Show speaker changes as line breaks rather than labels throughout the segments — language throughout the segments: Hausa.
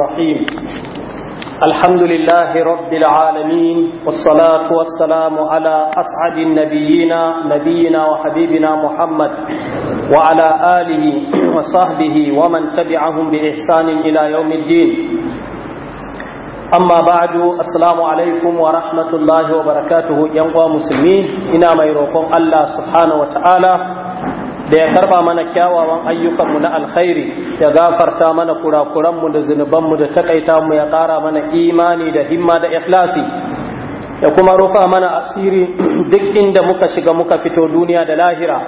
الرحيم الحمد لله رب العالمين والصلاة والسلام على أسعد النبيين نبينا وحبيبنا محمد وعلى آله وصحبه ومن تبعهم بإحسان إلى يوم الدين أما بعد السلام عليكم ورحمة الله وبركاته barakatuhu مسلمين إنا ميروكم الله سبحانه وتعالى da ya karba mana kyawawan ayyukanmu na alkhairi ya gafarta mana kurakuranmu da zunubanmu da takaita mu ya ƙara mana imani da himma da ikhlasi ya kuma rufa mana asiri duk inda muka shiga muka fito duniya da lahira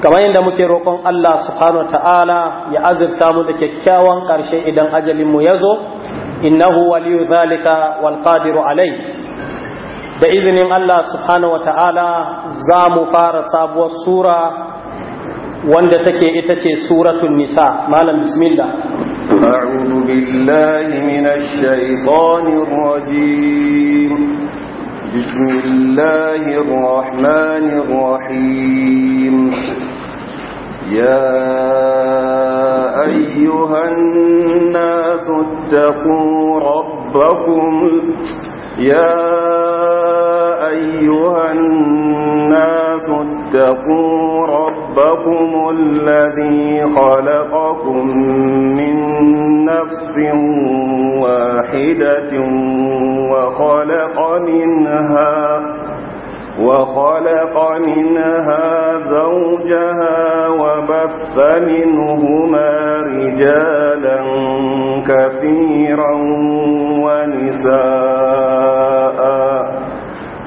kamar yadda muke roƙon Allah subhanahu ta'ala ya azurta mu da kyakkyawan ƙarshe idan ajalin mu ya zo innahu waliyu zalika wal qadiru alai da izinin Allah subhanahu wa ta'ala za mu fara sabuwar sura wanda take ita ce suratul nisa malam bismillah أعوذ
بالله من الشيطان الرجيم بسم الله الرحمن الرحيم ayyuhan أيها الناس rabbakum يا أيها الناس اتقوا ربكم الذي خلقكم من نفس واحدة وخلق منها وخلق منها زوجها وبث منهما رجالا كثيرا ونساء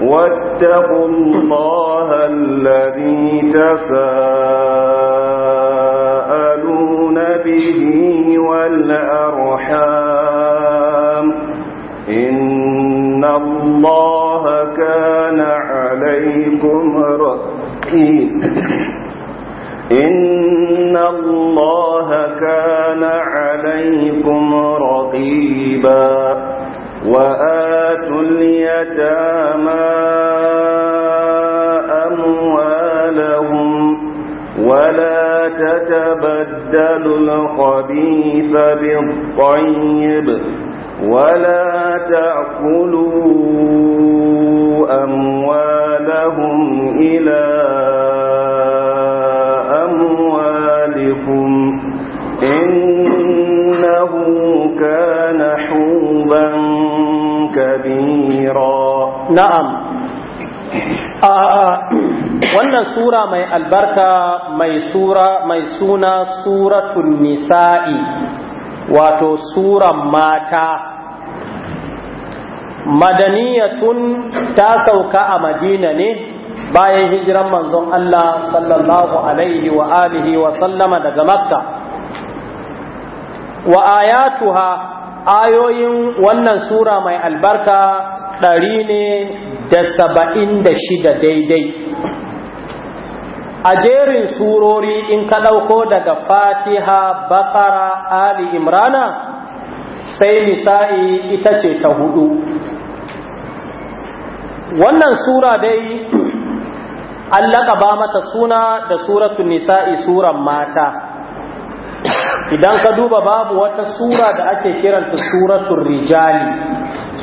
واتقوا الله الذي تساءل بكم رقيب إن الله كان عليكم رقيبا وآتوا اليتامى أموالهم ولا تتبدلوا الخبيث بالطيب ولا تأكلوا إلى أموالكم إنه كان حوبا كبيرا نعم wannan sura mai albarka
mai sura mai suna suratul nisa'i wato suran mata madaniyatun ta sauka a madina ne bayan hijiran manzon Allah sallallahu alaihi wa alihi wa sallama daga makka wa ayatuha ayoyin wannan sura mai albarka ɗari ne da saba'in da shida daidai a jerin surori in ka ɗauko daga fatiha bakara ali imrana sai nisa'i ita ce ta hudu wannan sura dai an ba mata suna da suratun nisa'i suran mata idan ka duba babu wata sura da ake kiranta suratun rijali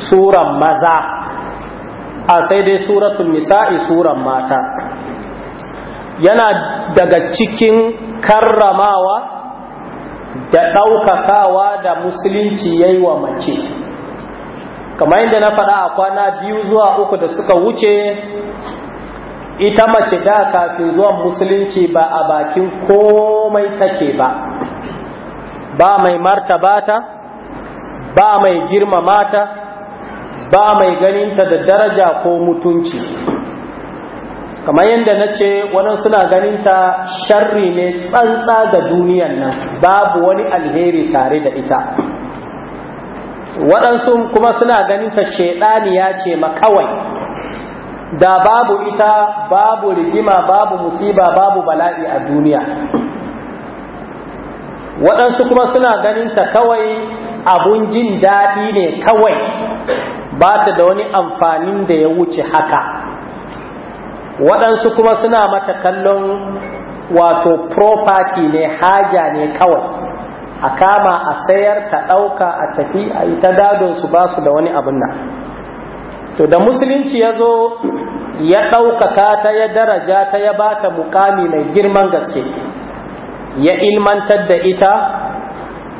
suran maza a sai dai suratun nisa'i suran mata yana daga cikin karramawa da ɗaukakawa da musulunci yayi wa mace kamar yadda na faɗa a kwana biyu zuwa uku da suka wuce ita mace da kafin zuwan musulunci ba a bakin komai take ba ba mai martabata ba mai girmamata ba mai ganinta da daraja ko mutunci kamar yadda na ce wani suna ta sharri ne tsantsa ga duniyan nan babu wani alheri tare da ita waɗansu kuma suna ganin ganinta shaidaniya ce makawai da babu ita babu rigima babu musiba babu bala'i a duniya waɗansu kuma suna ganin ta kawai abun jin daɗi ne kawai ba ta da wani amfanin da ya wuce haka waɗansu kuma suna mata kallon wato property ne haja ne kawai a kama a sayar ta ɗauka a tafi a yi ta dadon su ba su da wani abun nan to da musulunci ya zo ya ɗaukaka ta ya daraja ta ya ba ta mukami mai girman gaske ya ilmantar da ita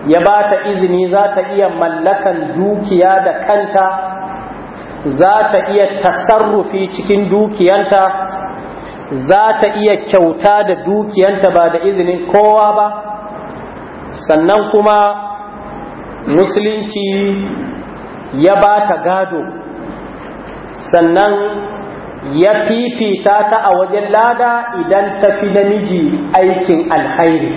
ya ba ta izini za ta iya mallakan dukiya da kanta za ta iya tasarrufi cikin dukiyanta za ta iya kyauta da dukiyanta ba da izinin kowa ba sannan kuma musulunci ya ba ta gado sannan ya fifita ta a wajen lada idan ta fi namiji aikin alhairi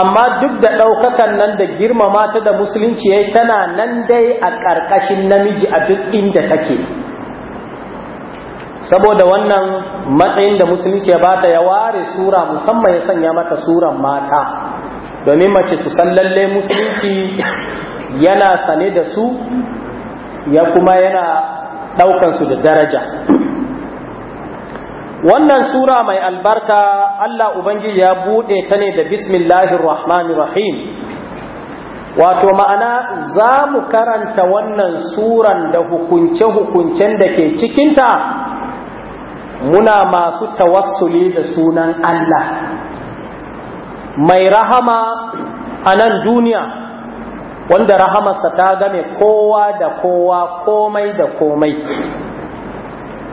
amma duk da ɗaukakan nan da girmama ta da musulunci ya tana nan dai a ƙarƙashin namiji a duk inda take saboda wannan matsayin da musulunci ya bata ya ware sura musamman ya sanya mata suran mata domin mace su san lallai musulunci yana sane da su ya kuma yana su da daraja wannan sura mai albarka Allah Ubangiji ya buɗe ta ne da bismillahir rahmanir rahim wato ma'ana za mu karanta wannan suran da hukunce-hukuncen da ke cikinta muna masu tawassuli da sunan Allah mai rahama a nan duniya wanda rahamarsa ta game kowa da kowa komai da komai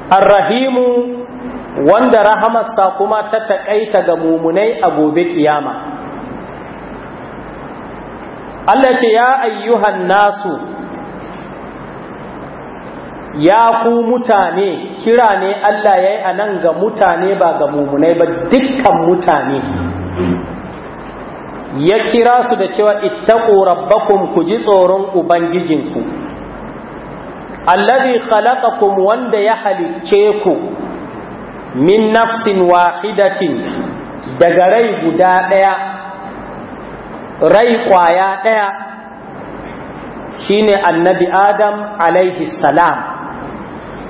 arrahimu wanda rahamarsa kuma ta taƙaita ga mumunai a gobe kiyama Allah ce ya ayyuhan nasu ya ku mutane kira ne Allah ya yi a nan ga mutane ba ga mumunai ba dukkan mutane ya kira su da cewa ittaqu rabbakum ku ji tsoron ubangijinku allazi khalaqakum wanda ya halicce ku min nafsin wahidatin daga rai guda ɗaya, rai kwaya ɗaya shine annabi adam alaihi salam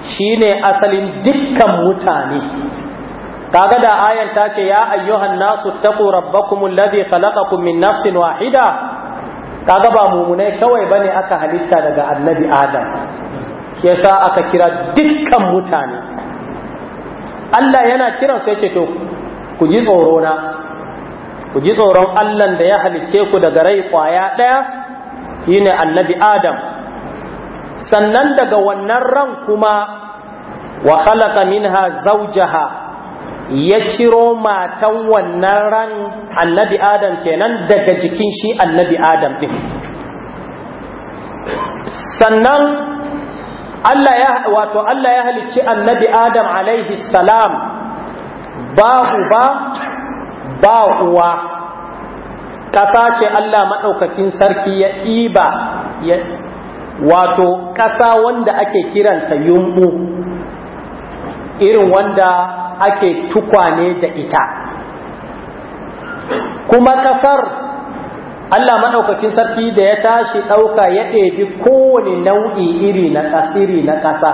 shine asalin dukkan mutane kaga da ayan ta ce ya ayyuhan nasu taqu rabbakum alladhi khalaqakum min nafsin wahida kaga ba mumune kawai bane aka halitta daga annabi adam yasa aka kira dukkan mutane Allah yana kiran sai yake to ku ji tsoro na ku ji tsoron Allah da ya halicce ku daga rai kwaya daya shine annabi adam sannan daga wannan ran kuma wa khalaqa minha zawjaha ya ciro matan wannan ran annabi adam kenan daga jikin shi annabi adam ɗin sannan Allah ya wato Allah ya halicci annabi adam alaihi salam ba uba ba uwa ƙasa ce Allah maɗaukakin sarki ya ɗiba wato ƙasa wanda ake kiranta yumbu irin wanda ake tukwane da ita kuma kasar Allah maɗaukakin sarki da ya tashi ɗauka ya ɗebi kowane nau'i iri na ƙasiri na ƙasa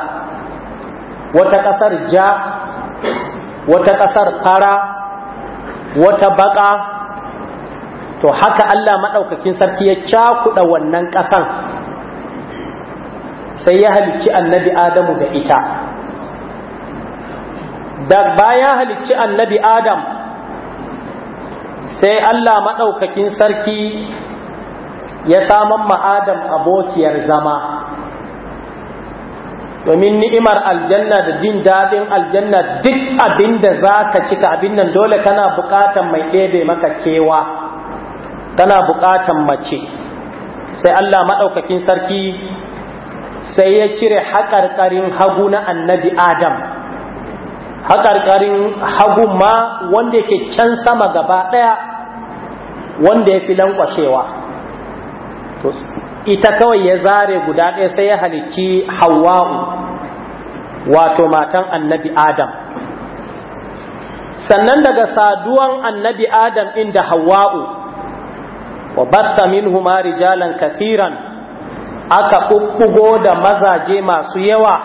wata ƙasar ja wata ƙasar fara wata baƙa to haka Allah maɗaukakin sarki ya cakuɗa wannan ƙasan sai ya halicci annabi Adamu da ita da bayan halicci annabi adam sai allah maɗaukakin sarki ya saman ma adam abokiyar zama domin ni'imar aljanna da jin daɗin aljanna duk abinda zaka za ka cika abin nan dole kana buƙatan mai ɗebe maka kewa kana buƙatan mace sai allah maɗaukakin sarki sai ya cire haƙarƙarin hagu na annabi adam haƙarƙarin hagun ma wanda ke can sama gaba ɗaya wanda ya fi lankwashewa ita kawai ya zare guda ɗaya sai ya halicci hawa'u wato matan annabi adam sannan daga saduwan annabi adam inda hawa'u wa batta minhuma rijalan kafiran aka kukkugo da mazaje masu yawa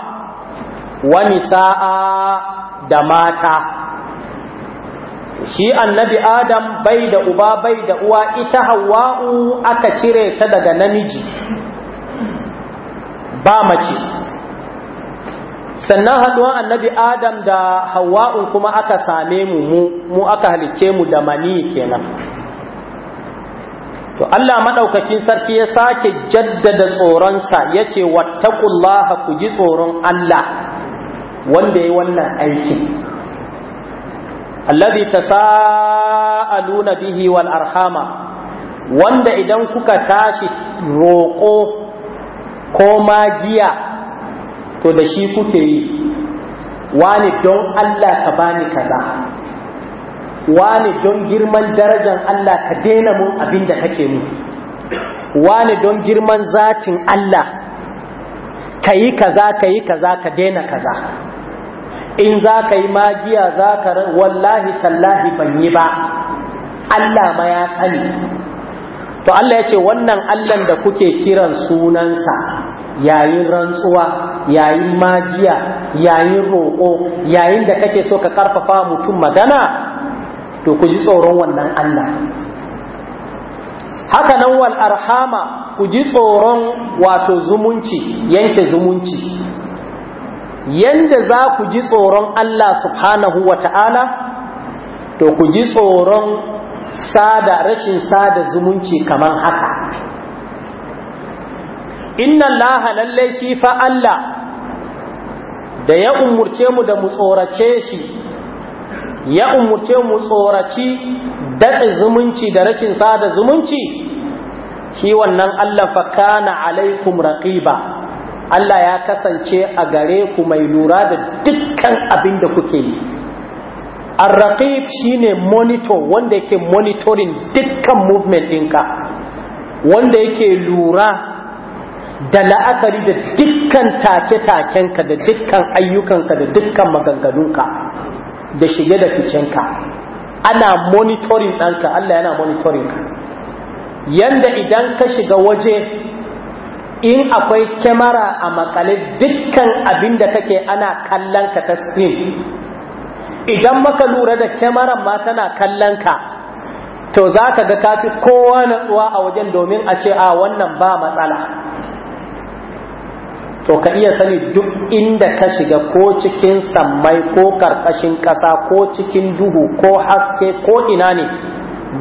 wani sa'a da mata shi annabi adam bai da uba bai da uwa ita hawa'u aka cire ta daga namiji ba mace sannan haduwan annabi adam da hawa'u kuma aka same mu mu aka halicce mu da mani kenan to Allah madaukakin sarki ya sake jaddada tsoronsa ya ce wattaqullaha ku ji tsoron Allah wanda ya wannan aikin alladhi tasaaluna bihi wal arhama wanda idan kuka tashi roƙo ko magiya to da shi kuke yi wani don Allah ka bani kaza wani don girman darajan Allah ka daina mun abin da kake mu wani don girman zatin Allah ka yi kaza ka yi kaza ka daina kaza in za ka yi magiya za ka wallahi tallahi ban yi ba Allah ma ya sani to Allah ya ce wannan Allah da kuke kiran sunansa yayin rantsuwa yayin magiya yayin roƙo yayin da kake so ka karfafa mutum magana to ku ji tsoron wannan Allah haka nan wal arhama ku ji tsoron wato zumunci yanke zumunci yanda za ku ji tsoron Allah subhanahu wa ta'ala to ku ji tsoron sada rashin sada zumunci kamar haka inna na lallai shi fa Allah da ya umurce mu da mu tsorace shi ya umurce mu tsoraci daɗe zumunci da rashin sada zumunci shi wannan Allah fakana alaikum raqiba Allah ya kasance a gare ku mai lura da dukkan abin da kuke yi arraqib shine monitor wanda yake monitoring dukkan movement ɗinka wanda yake lura da la'akari da dukkan take-takenka da dukkan ayyukanka da dukkan maganganunka da shige da ficenka ana monitoring ɗanka Allah yana monitoring ka yanda idan ka shiga waje in akwai kyamara a makale dukkan abin da take ana kallon ka ta screen idan maka lura da kyamaran ma tana kallon ka to za ka ga kafi kowa natsuwa a wajen domin a ce a wannan ba matsala to ka iya sani duk inda ka shiga ko cikin sammai ko karkashin ƙasa ko cikin duhu ko haske ko ina ne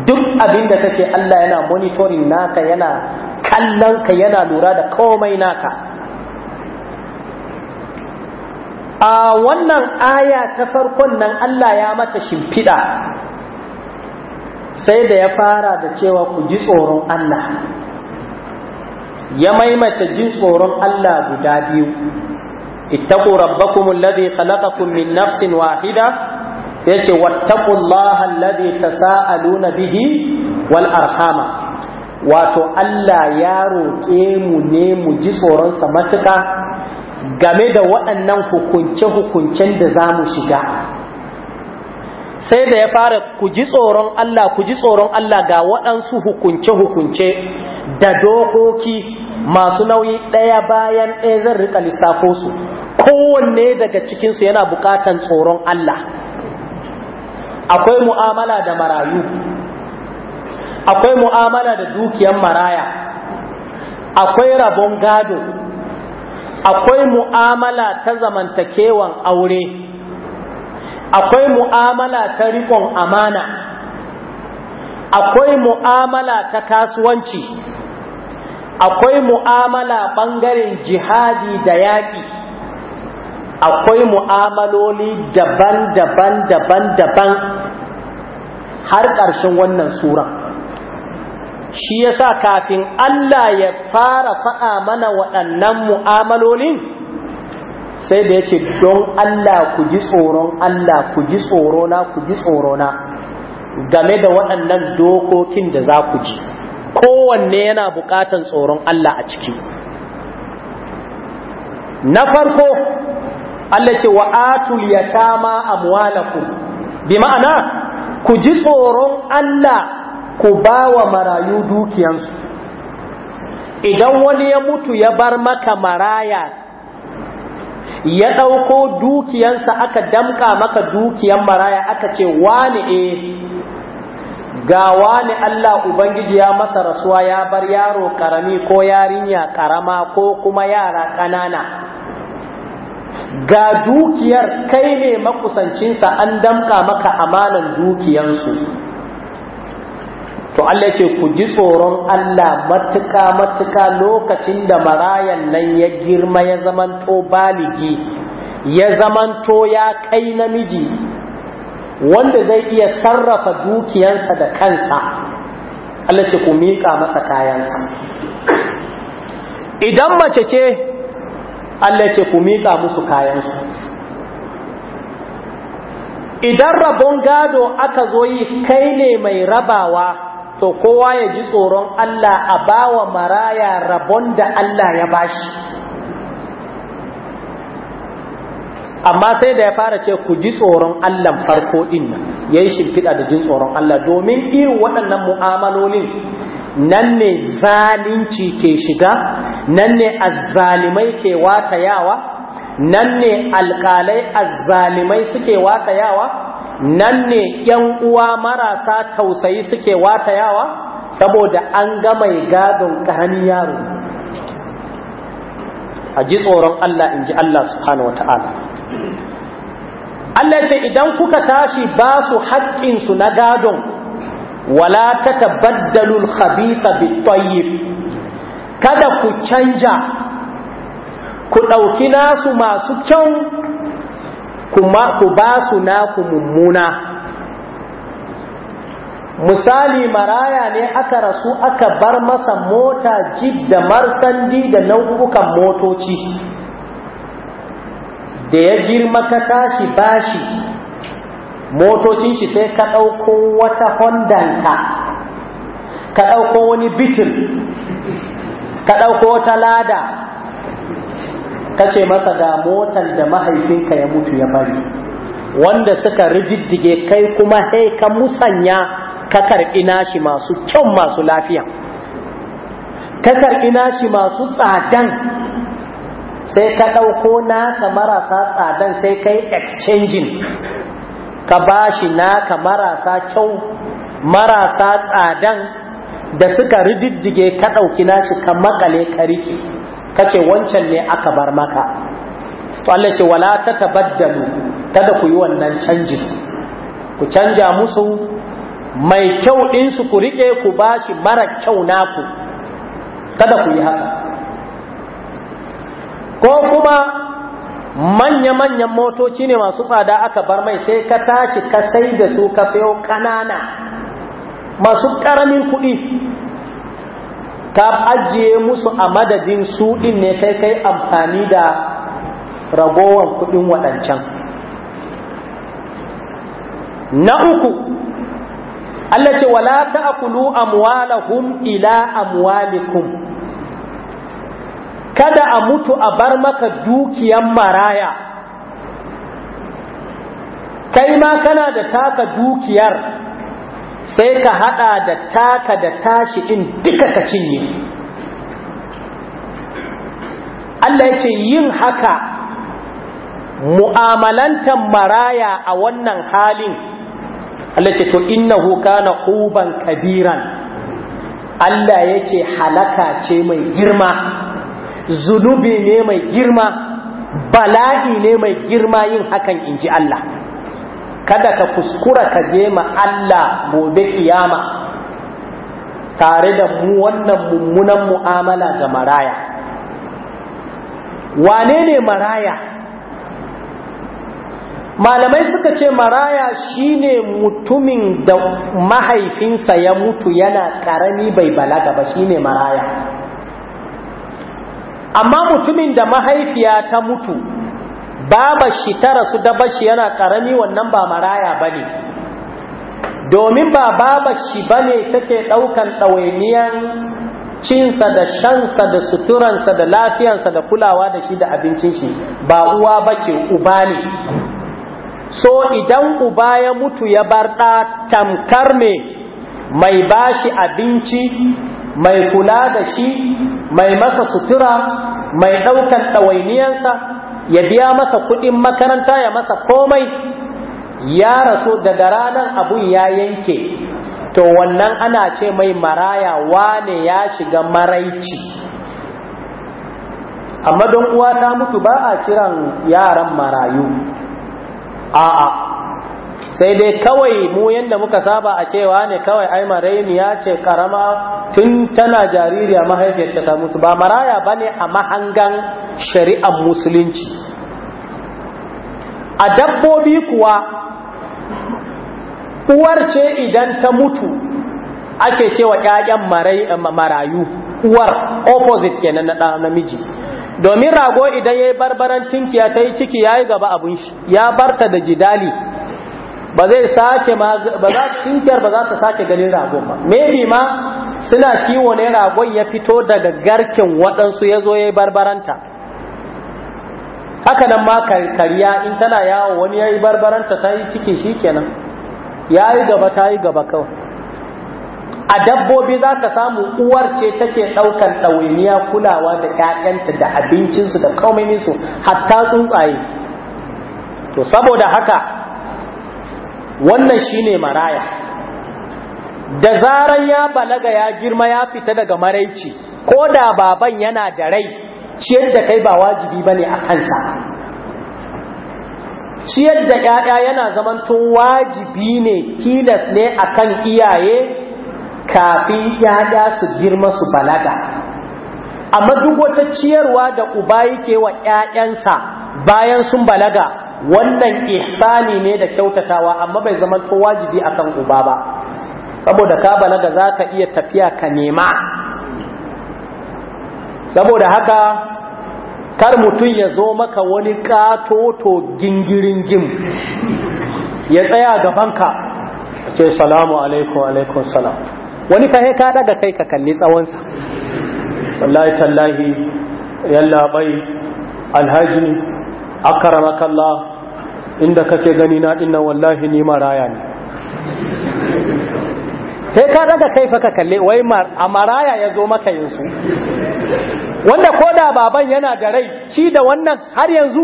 duk abin da take Allah yana monitoring naka yana kallon yana lura da komai naka a wannan aya ta farkon nan Allah ya mata shimfiɗa sai da ya fara da cewa ku ji tsoron Allah ya maimaita jin tsoron Allah guda biyu ittaqu rabbakum alladhi khalaqakum min nafsin wahida yace wattaqullaha alladhi tasaaluna bihi wal arhama wato Allah ya roƙe mu ne mu ji tsoronsa matuƙa game da waɗannan hukunce-hukuncen da za mu shiga sai da ya fara ku ji tsoron Allah ku ji tsoron Allah ga waɗansu hukunce-hukunce da dokoki masu nauyi ɗaya bayan ɗaya zan riƙa lissafo su kowanne daga cikinsu yana buƙatan tsoron Allah akwai mu'amala da marayu akwai mu'amala da dukiyar maraya akwai rabon gado akwai mu'amala ta zamantakewan aure akwai mu'amala ta rikon amana akwai mu'amala ta kasuwanci akwai mu'amala ɓangaren jihadi da yaƙi akwai mu'amaloli daban-daban daban-daban har ƙarshen wannan sura shi yasa kafin Allah ya fara fa'a mana waɗannan mu'amalolin sai da yace don Allah ku ji tsoron Allah ku ji tsorona ku ji tsorona game da waɗannan dokokin da za ku ji kowanne yana buƙatan tsoron Allah a ciki na farko Allah ce wa atul yatama amwalakum bi ma'ana ku ji tsoron Allah ku ba wa marayu dukiyansu idan wani ya mutu ya bar maka maraya ya ɗauko dukiyansa aka damka maka dukiyan maraya aka ce wani e eh, ga wani Allah Ubangiji ya masa rasuwa ya bar yaro karami ko yarinya karama ko kuma yara ƙanana ga dukiyar kai ne makusancinsa an damka maka amanan dukiyansu to Allah ce ku ji tsoron Allah matuƙa matuƙa lokacin da marayan nan ya girma ya zamanto baligi ya zamanto ya kai namiji wanda zai iya sarrafa dukiyansa da kansa Allah ce ku miƙa masa kayansa idan mace ce Allah ce ku miƙa musu kayansa. idan rabon gado aka zo yi kai ne mai rabawa to kowa ya ji tsoron Allah a bawa maraya rabon da Allah ya ba shi. amma sai da ya fara ce ku ji tsoron Allah farko din nan yayi shimfiɗa da jin tsoron Allah domin irin waɗannan mu'amalolin nan ne zalunci ke shiga nan ne azzalimai ke wata yawa? nan ne alƙalai azzalimai suke wata yawa? nan ne ‘yan uwa marasa tausayi suke wata yawa? saboda an ga mai gadon ƙarami yaro a ji tsoron Allah in ji Allah subhanahu wa ta'ala Allah ce idan kuka tashi ba su haƙƙinsu na gadon wala ta tabaddalul khabitha tayyib kada ku canja ku ɗauki nasu masu kyau kuma ku ba su naku mummuna misali maraya ne aka rasu aka bar masa mota jib da marsandi da nau'ukan motoci da ya girma ka tashi bashi motocin shi sai ka ɗauko wata hondanta ka ɗauko wani bitin ka ɗauko wata lada ce masa da motar da mahaifinka ya mutu ya bari wanda suka rididdige kai kuma hei ka musanya ka karɓi nashi masu kyau masu lafiya ka karɓi nashi masu tsadan sai ka ɗauko naka marasa tsadan sai ka yi exchanging ka ba bashi naka marasa kyau marasa tsadan da suka rididdige ka ɗauki nashi ka makale ka rike ce wancan ne aka bar maka to Allah ce wala ta tabaddalu kada ku yi wannan canji ku canja musu mai kyau su ku riƙe ku bashi mara kyau naku kada ku yi haka ko kuma manya-manyan motoci ne masu tsada aka bar mai sai ka tashi ka sai da su ka sayo ƙanana masu ƙaramin kuɗi ka ajiye musu a madadin su din ne kai kai amfani da ragowar kudin waɗancan na uku Allah ce wala ta'kulu amwalahum ila amwalikum kada a mutu a bar maka dukiyan maraya kai ma kana da taka dukiyar sai ka hada da taka da tashi in duka ka cinye
Allah ya ce yin haka
mu'amalantan maraya a wannan halin Allah ce to innahu kana uban kabiran Allah ya ce halaka ce mai girma zunubi ne mai girma bala'i ne mai girma yin hakan inji Allah kada ka kuskura ka je ma Allah gobe kiyama tare da mu wannan mummunan mu'amala ga maraya wane ne maraya malamai suka ce maraya shine mutumin da mahaifinsa ya mutu yana karami bai balaga ba shine maraya amma mutumin da mahaifiya ta mutu baba shi ta rasu dabar shi yana karami wannan ba maraya ba ne domin ba baba shi ba ne take ɗaukan ɗawainiyar cinsa da shansa da suturansa da lafiyansa da kulawa da shi da abincin shi ba uwa ba ce uba ne so idan uba ya mutu ya bar ɗa tamkar me mai bashi abinci mai kula da shi mai masa sutura mai ɗaukan ɗawainiyansa ya biya masa kuɗin makaranta ya masa komai ya rasu daga ranar abun ya yanke to wannan ana ce mai maraya wane ya shiga maraici amma don uwa ta mutu ba a kiran yaran marayu a'a sai dai kawai mu yadda muka saba a cewa ne kawai ai marainiya ce karama tun tana jaririya mahaifiyarta ta mutu ba maraya ba a mahangan shari'ar musulunci a dabbobi kuwa uwar ce idan ta mutu ake cewa 'ya'yan marayu uwar opposite kenan na namiji domin rago idan ya yi barbaran tinkiya ta yi ciki ya yi gaba abun shi ya barta da jidali ba zai sake ba za cinkiyar ba za ta sake ganin ragon ba maybe ma suna kiwo ne ragon ya fito daga garkin waɗansu ya zo ya yi barbaranta haka nan ma karya in tana yawo wani ya yi barbaranta ta yi ciki shi kenan ya yi gaba ta yi gaba kawai a dabbobi za ka samu uwar ce take ɗaukan ɗawainiya kulawa da ƴaƴanta da abincinsu da kaumaninsu hatta tsuntsaye to saboda haka wannan shine maraya da zaran ya balaga ya girma ya fita daga maraici ko da baban yana da rai ciyar da kai ba wajibi ba ne a kansa ciyar da ƴaƴa yana zamanto wajibi ne tilas ne akan iyaye kafin ƴaƴa su girma su balaga amma duk wata ciyarwa da uba yake wa ƴaƴansa bayan sun balaga wannan ihsani ne da kyautatawa amma bai zama to wajibi akan uba ba saboda ka balaga zaka iya tafiya ka nema saboda haka kar mutum ya zo maka wani kato to gingirin gim ya tsaya gabanka ce salamu alaikum alaikum salam wani ka ka daga kai ka kalli tsawonsa wallahi tallahi yalla bai alhaji akaramakallah inda kake gani na wallahi ni maraya ne sai ka daga kai faka kalle wai a maraya ya zo maka yanzu wanda ko da baban yana da rai ci da wannan har yanzu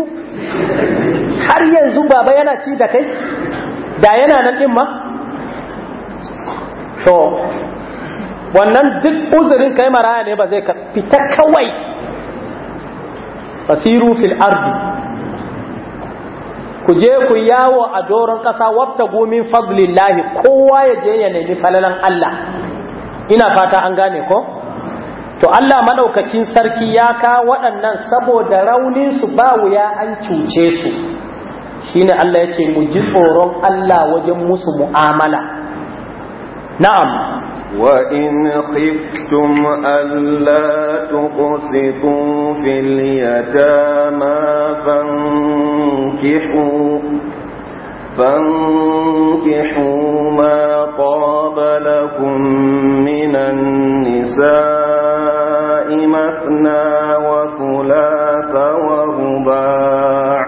har yanzu baba yana ci da kai da yana nan din ma to wannan duk uzurin kai maraya ne ba zai ka fita kawai fasiru fil ardi ku je ku yawo a doron ƙasa wabta gomin fadlillahi kowa ya je ya nemi falalan Allah ina fata an gane ko to Allah maɗaukacin sarki ya ka waɗannan saboda raunin su ba wuya an cuce su shine Allah yace mu ji tsoron Allah wajen musu mu'amala
na'am وإن خفتم ألا تقسطوا في اليتامى فانكحوا فانكحوا ما طاب لكم من النساء مثنى وثلاث ورباع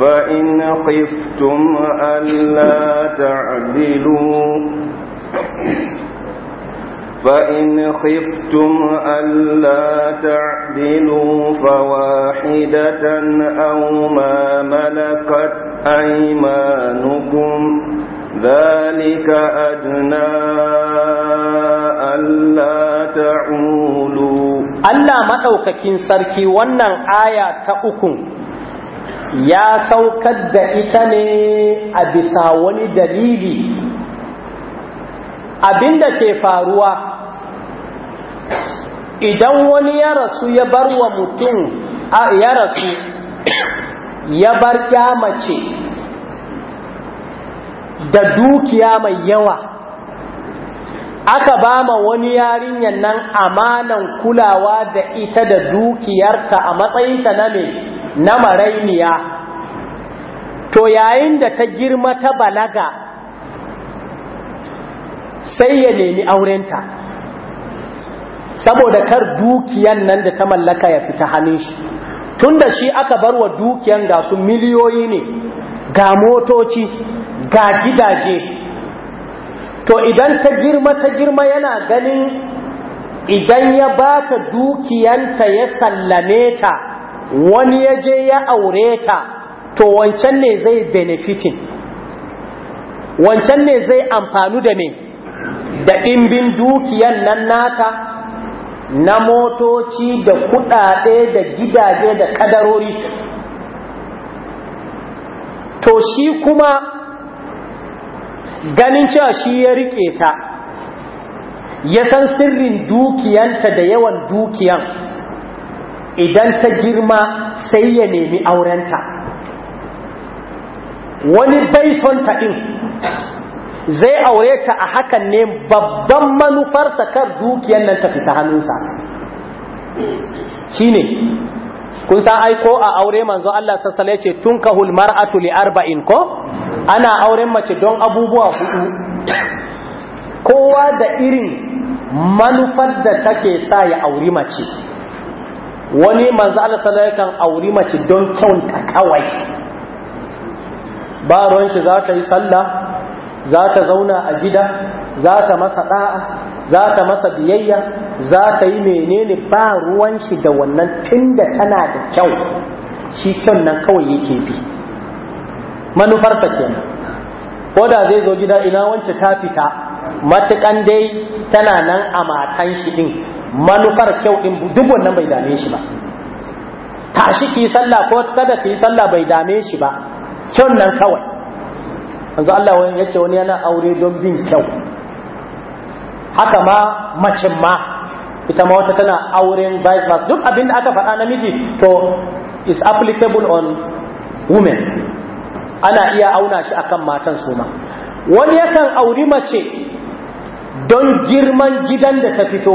فإن خفتم ألا تعدلوا فإن خفتم ألا تعدلوا فواحدة أو ما ملكت أيمانكم ذلك أدنى ألا تعولوا
ألا مدوككين سركي ونن آية تأكم يا سوكد إتني أبسا ولدليلي abinda ke faruwa idan wani ya rasu ya bar wa mutum ya rasu ya bar mace da dukiya mai yawa aka ba ma wani yarinyar nan amanan kulawa da ita da dukiyarka a matsayinta na mai na marainiya to yayin da ta girma ta balaga sai ya nemi aurenta saboda kar dukiyan nan da ta mallaka ya fita hannun shi tun da shi aka bar wa dukiyan ga su miliyoyi ne ga motoci ga gidaje to idan ta girma ta girma yana ganin idan ya baka dukiyanta ya sallame ta wani ya je ya aure ta to wancan ne zai benefitin wancan ne zai amfanu da ne da ɗimbin dukiyan nan nata na motoci da kuɗaɗe da gidaje da kadarori to shi kuma ganin cewa shi ya rike ta ya san sirrin dukiyanta da yawan dukiyan idan ta girma sai ya nemi aurenta wani bai son ta ɗin zai aure ta a hakan ne babban manufarsa kar dukiyar nan ta fita hannunsa shine kun san ai a aure manzo Allah sassale ce tun kahul mar'atu li arba'in ko ana auren mace don abubuwa hudu kowa da irin manufar da take sa ya auri mace wani manzo Allah sassale kan auri mace don kyauta kawai ba ruwan shi za ta yi sallah za ta zauna a gida za ta masa ɗa'a za ta masa biyayya za ta yi menene ba ruwan shi da wannan tunda tana da kyau shi kyan nan kawai yake bi manufarsa kenan ko da zai zo gida ina wance ta fita matukan dai tana nan a matan shi din manufar kyau din duk wannan bai dame shi ba tashi ki sallah ko kada ki sallah bai dame shi ba kyan nan kawai Yanzu Allah wani yace wani yana aure don bin kyau haka ma macin ma ita ma wata tana auren vice versa duk abin da aka faɗa namiji to is applicable on women ana iya auna shi akan matan su ma wani yakan auri mace don girman gidan da ta fito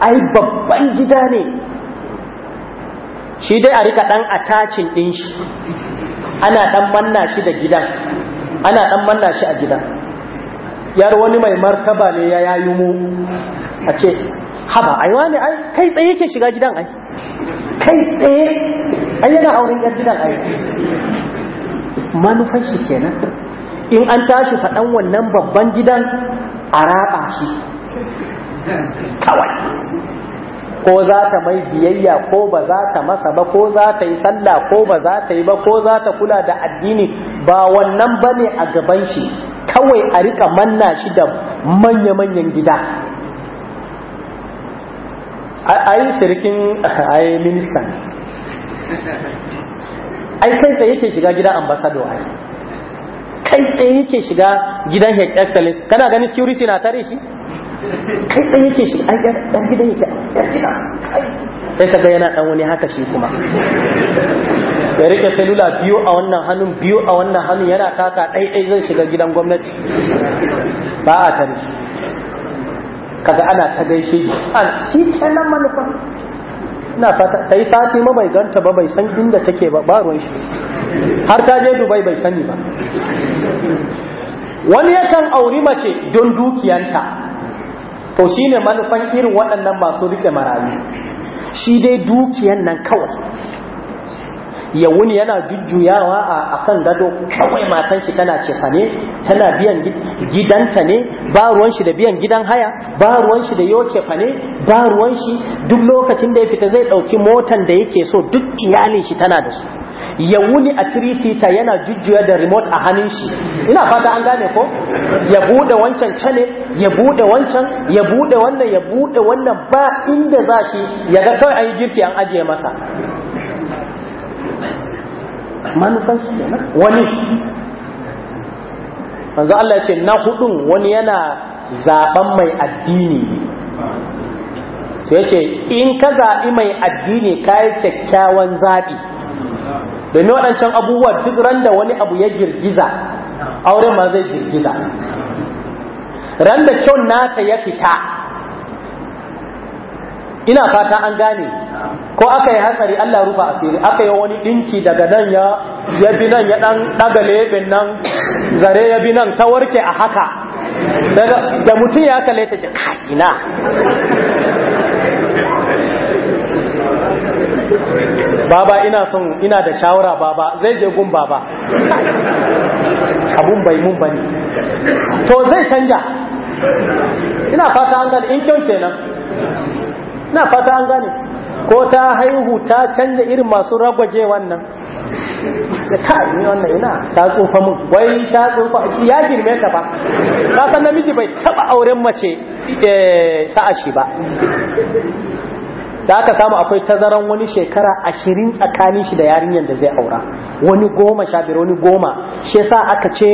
ai babban gida ne shi dai a rika dan attachin din shi ana ɗan manna shi da gidan ana dan manna shi a gidan yar wani mai martaba ne ya yayu mu a ce haba ai wani ai kai tsaye yake shiga gidan ai kai tsaye ai yana auren yar gidan ai manufar shi kenan in an tashi faɗan wannan babban gidan a raɓa shi kawai ko za ta mai biyayya ko ba za ta masa ba ko za ta yi sallah ko ba za ta yi ba ko za ta kula da addini ba wannan ba ne a gaban shi kawai a rika manna shi da manya-manyan gida a yi sirikin a yi ministan ai kai tsaye yake shiga gidan ambassador ai kai tsaye yake shiga gidan head excellence kana ganin security na tare shi kai ɗan yake shi ai ɗan gida yake ɗan gida sai kaga yana ɗan wani haka shi kuma ya rike salula biyu a wannan hannun biyu a wannan hannun yana taka ɗaiɗai zai shiga gidan gwamnati ba a tare kaga ana ta gaishe shi an shi nan manufa ina fata ta yi sati ma bai ganta ba bai san inda take ba ba ruwan shi har ta je dubai bai sani ba wani yakan auri mace don dukiyanta to ne manufan irin waɗannan masu rike marayu shi dai dukiyan nan kawai ya wuni yana jujjuyawa a akan gado kawai matan shi tana cefa ne tana biyan gidanta ne ba ruwan shi da biyan gidan haya ba ruwan shi da yo cefa ne ba ruwan shi duk lokacin da ya fita zai ɗauki motan da yake so duk iyalin shi tana da su ya wuni a tirisita yana jujjuya da remote a hannun shi ina fata an gane ko ya bude wancan cane ya bude wancan ya bude wannan ya bude wannan ba inda za shi ya ga kawai an yi girki an ajiye masa manufan wani manzo Allah ce na hudun wani yana zaben mai addini to yace in ka zaɓi mai addini ka kyakkyawan zaɓi domin waɗancan abubuwa duk ran da wani abu ya girgiza aure ma zai girgiza randa kyau naka ya fita ina fata an gane ko aka yi hatsari Allah rufa asiri aka yi wani dinki daga nan ya ya bi nan ya dan daga leben nan zare ya bi nan ta warke a haka daga da mutum ya kale ta ce kaina baba ina son ina da shawara baba zai je gun baba abun bai mun bane to zai canja ina fata an gane in kyau kenan ina fata an gane ko ta haihu ta canza irin masu ragwaje wannan da ta yi wannan ina ta tsufa mun wai ta tsufa shi ya girme ta ba ka san namiji bai taba auren mace eh, sa'a shi ba da aka samu akwai tazaran wani shekara ashirin tsakanin shi da yarinyar da zai aura wani goma sha wani goma shi yasa aka ce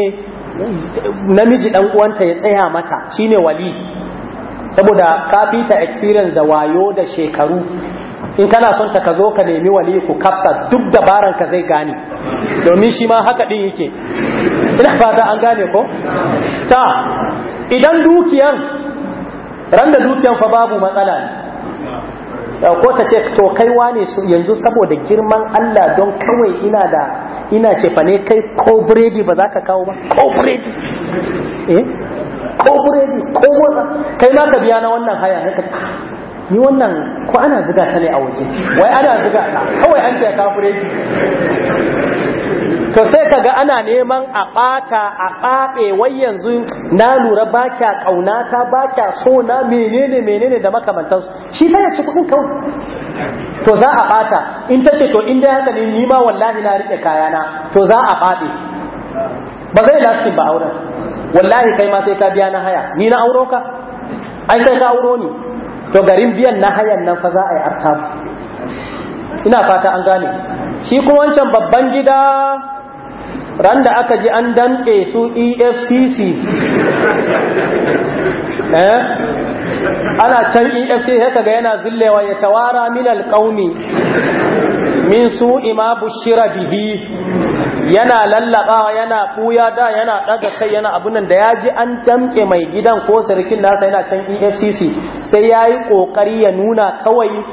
namiji dan uwanta ya tsaya mata shine wali saboda ka fita experience da wayo da shekaru in kana son ta ka zo ka nemi wali ku kafsa duk dabaran ka zai gane domin shi ma haka din yake ina fata an gane ko ta idan dukiyan ran da dukiyan fa babu matsala ne ko ta ce to kai wane yanzu saboda girman Allah don kawai ina da ina ce fa ne kai ko biredi ba za ka kawo ba ko biredi eh ko biredi ko wata kai ma ka biya na wannan haya ne ni wannan ko ana zuga ta ne a waje wai ana zuga ta kawai an ce kafure to sai kaga ana neman a ɓata a ɓaɓe wai yanzu na lura ba kya ƙauna ta ba kya so na menene menene da makamantansu shi ta ya ci kudin kawai to za a ɓata in ta ce to in dai haka ne ni ma wallahi na riƙe kayana to za a ɓaɓe ba zai lastin ba auren wallahi kai ma sai ka biya na haya ni na auro ka ai kai ka auro ni to garin biyan na hayan nan fa za a yi arkafu ina fata an gane shi kuma wancan babban gida ran da aka ji an danɗe su efcc eh ana can efcc haka ga yana zillewa ya tawara min alƙaumi min su ima bushira bihi yana lallabawa yana kuya da yana daga kai yana abun nan da ya ji an damke mai gidan ko sarkin nasa yana can EFCC sai ya yi kokari ya nuna kawai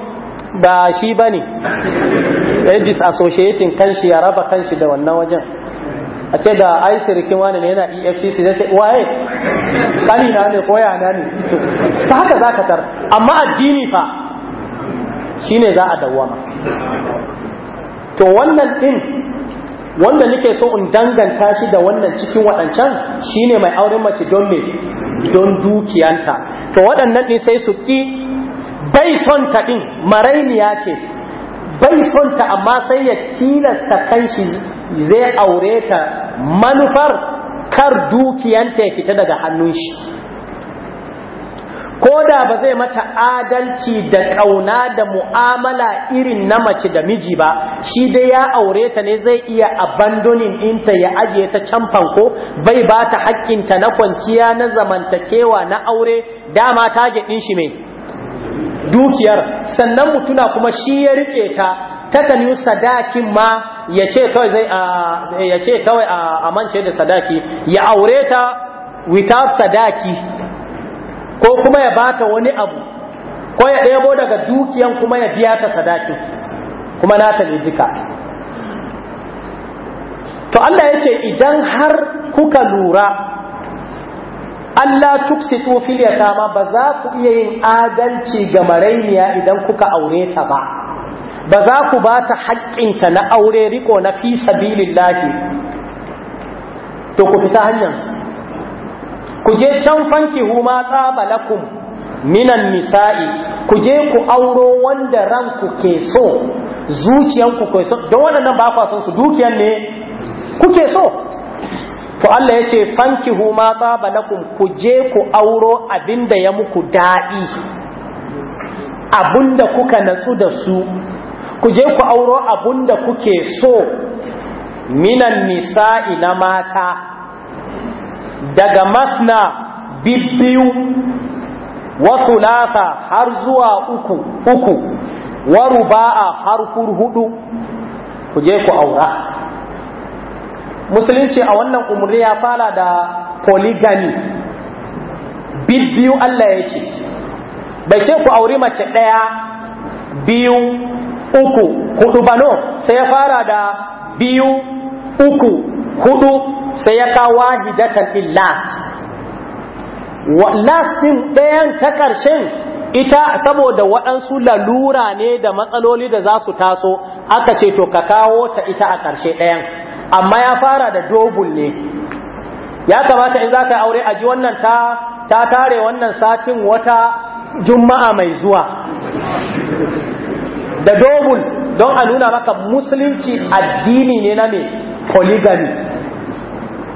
ba shi ba ne edis associating kanshi ya raba kanshi da wannan wajen a ce da ai sarkin wani ne yana efcc zai ce waye kani na ne koya na ne ta haka za ka tar amma addini fa shine za a dawwama to wannan din wanda nake so in danganta shi da wannan cikin waɗancan shine mai auren mace don me don dukiyanta to waɗannan ne sai su ki bai son ta ɗin marainiya ce bai son ta amma sai ya tilasta kanshi zai aure ta manufar kar dukiyanta ya fita daga hannun shi ko da ba zai mata adalci da ƙauna da mu'amala irin na mace da miji ba shi dai ya aure ta ne zai iya abandonin inta ya ajiye ta can fanko bai ba ta hakkinta na kwanciya na zamantakewa na aure dama ta ɗin shi mai dukiyar sannan mutuna kuma shi ya riƙe ta ta sadakin ma ya ce kawai a ya mance da sadaki ya aure ta without sadaki ko kuma ya bata wani abu ko ya ɗebo daga dukiyan kuma ya biya ta sadakin kuma nata ne jika to Allah ya ce idan har kuka lura Allah tufil fil kama, ba za ku iya yin adalci ga marainiya idan kuka aure ta ba ba za ku ba ta haƙƙinta na aure riko na fi sabilillahi to ku fita hanyar ku je can fanki huma tsaba lakum minan nisa'i ku je ku auro wanda ranku ke so zuciyanku ke so don waɗannan ba kwa son su dukiyan ne kuke so to Allah yace fanki huma tsaba lakum ku je ku auro abinda ya muku daɗi abunda kuka natsu da su ku je ku auro abunda kuke so minan nisa'i na mata daga masna bibbiyu wa thulatha har zuwa uku uku wa ruba'a har hudu ku je ku aura musulunci a wannan umarni ya fara da polygamy bibbiyu Allah ya ce bai ce ku auri mace ɗaya biyu uku hudu ba sai ya fara da biyu uku hudu sai ya kawo wahidatan din last last din ɗayan ta ƙarshen ita saboda waɗansu lalura ne da matsaloli da za su taso aka ce to ka kawo ta ita a ƙarshe ɗayan amma ya fara da dobul ne ya kamata in za ka aure a ji wannan ta ta tare wannan satin wata juma'a mai zuwa da dogun don a nuna maka musulunci addini ne na ne polygamy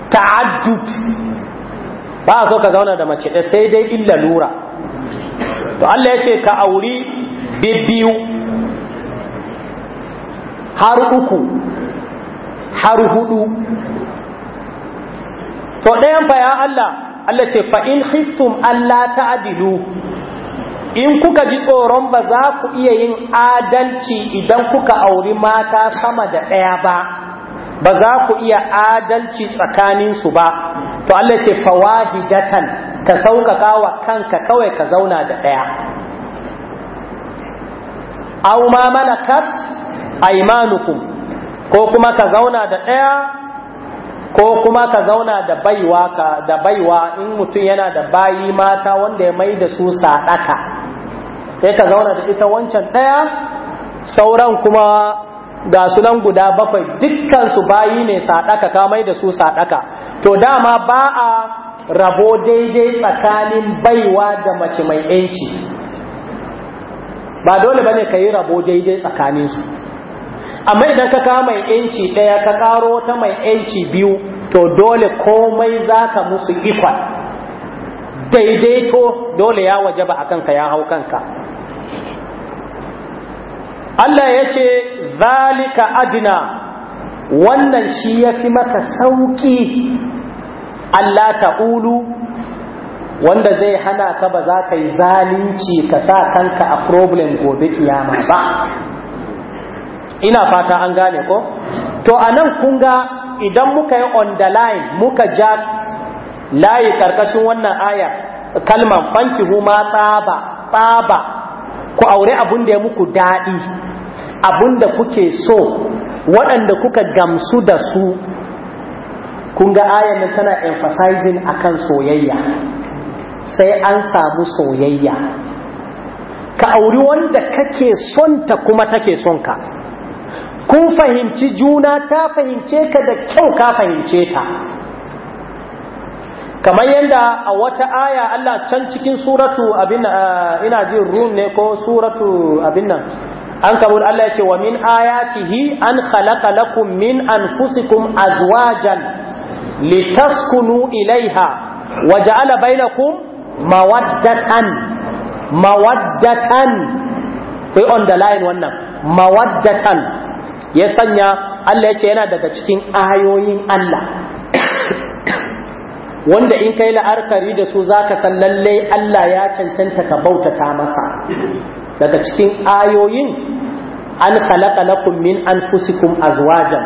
ta'addud ba a so ka zauna da mace ɗaya sai dai illa lura to Allah ya ce ka auri biyu har uku har hudu to ɗayan fa ya Allah Allah ce fa in khiftum Allah ta'dilu in kuka ji tsoron ba za ku iya yin adalci idan kuka auri mata sama da ɗaya ba ba za ku iya adalci tsakaninsu ba to Allah ce fawahidatan ka sauƙaƙa wa kanka kawai ka zauna da ɗaya aw ma malakat aymanukum ko kuma ka zauna da ɗaya ko kuma ka zauna da baiwa ka da baiwa in mutum yana da bayi mata wanda ya mai da su sadaka sai ka zauna da ita wancan ɗaya sauran kuma ga sunan guda bakwai dukkansu bayi ne sadaka ka mai da su sadaka to dama ba a rabo daidai tsakanin baiwa da mace mai yanci ba dole bane ka yi rabo daidai tsakaninsu amma idan ka kawo mai yanci ɗaya ka karo ta mai yanci biyu to dole komai zaka ka musu ikon daidaito dole ya waje ba a kanka ya hau kanka Allah ya ce zalika adina wannan shi ya fi maka sauƙi Allah ta'ulu wanda zai hana ka ba za ka yi zalunci ka sa kanka a problem gobe kiyama ba ina fata an gane ko to anan kun ga idan muka yi on the line muka ja layi ƙarƙashin wannan aya kalman fanki ma tsaba tsaba ku aure abun da ya muku daɗi da kuke so waɗanda kuka gamsu da su kun ga ayan tana emphasizing akan soyayya sai an samu soyayya ka auri wanda kake son ta kuma take son ka kun fahimci juna ta fahimce ka da kyau ka fahimce ta kamar yadda a wata aya Allah can cikin suratu abin ah, ina jin rum ne ko suratu abin nan an kabul Allah ya ce wa min ayatihi an khalaqa lakum min anfusikum azwajan litaskunu ilaiha wa ja'ala bainakum mawaddatan mawaddatan sai on the line wannan mawaddatan ya sanya Allah ya ce yana daga cikin ayoyin Allah wanda in kai la'arkari da su zaka san lalle Allah ya cancanta ka bautata masa daga cikin ayoyin an khalaqa lakum min anfusikum azwajan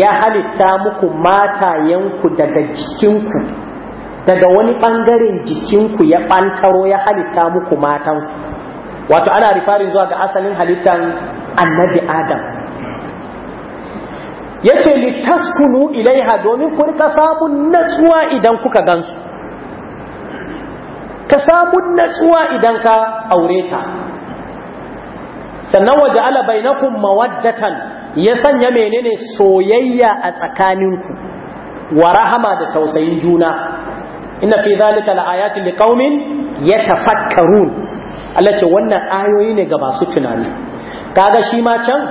ya halitta muku matayenku daga jikinku daga wani bangaren jikinku ya bantaro ya halitta muku matan wato ana rifarin zuwa ga asalin halittan annabi adam yace litaskunu ilaiha domin ku rika samun natsuwa idan kuka gansu ka samun natsuwa idan ka aure ta sannan waje ala bainakum mawaddatan ya sanya menene soyayya a tsakaninku wa rahama da tausayin juna inna fi zalika laayatin liqaumin yatafakkarun Allah ce wannan ayoyi ne ga basu tunani kaga shi ma can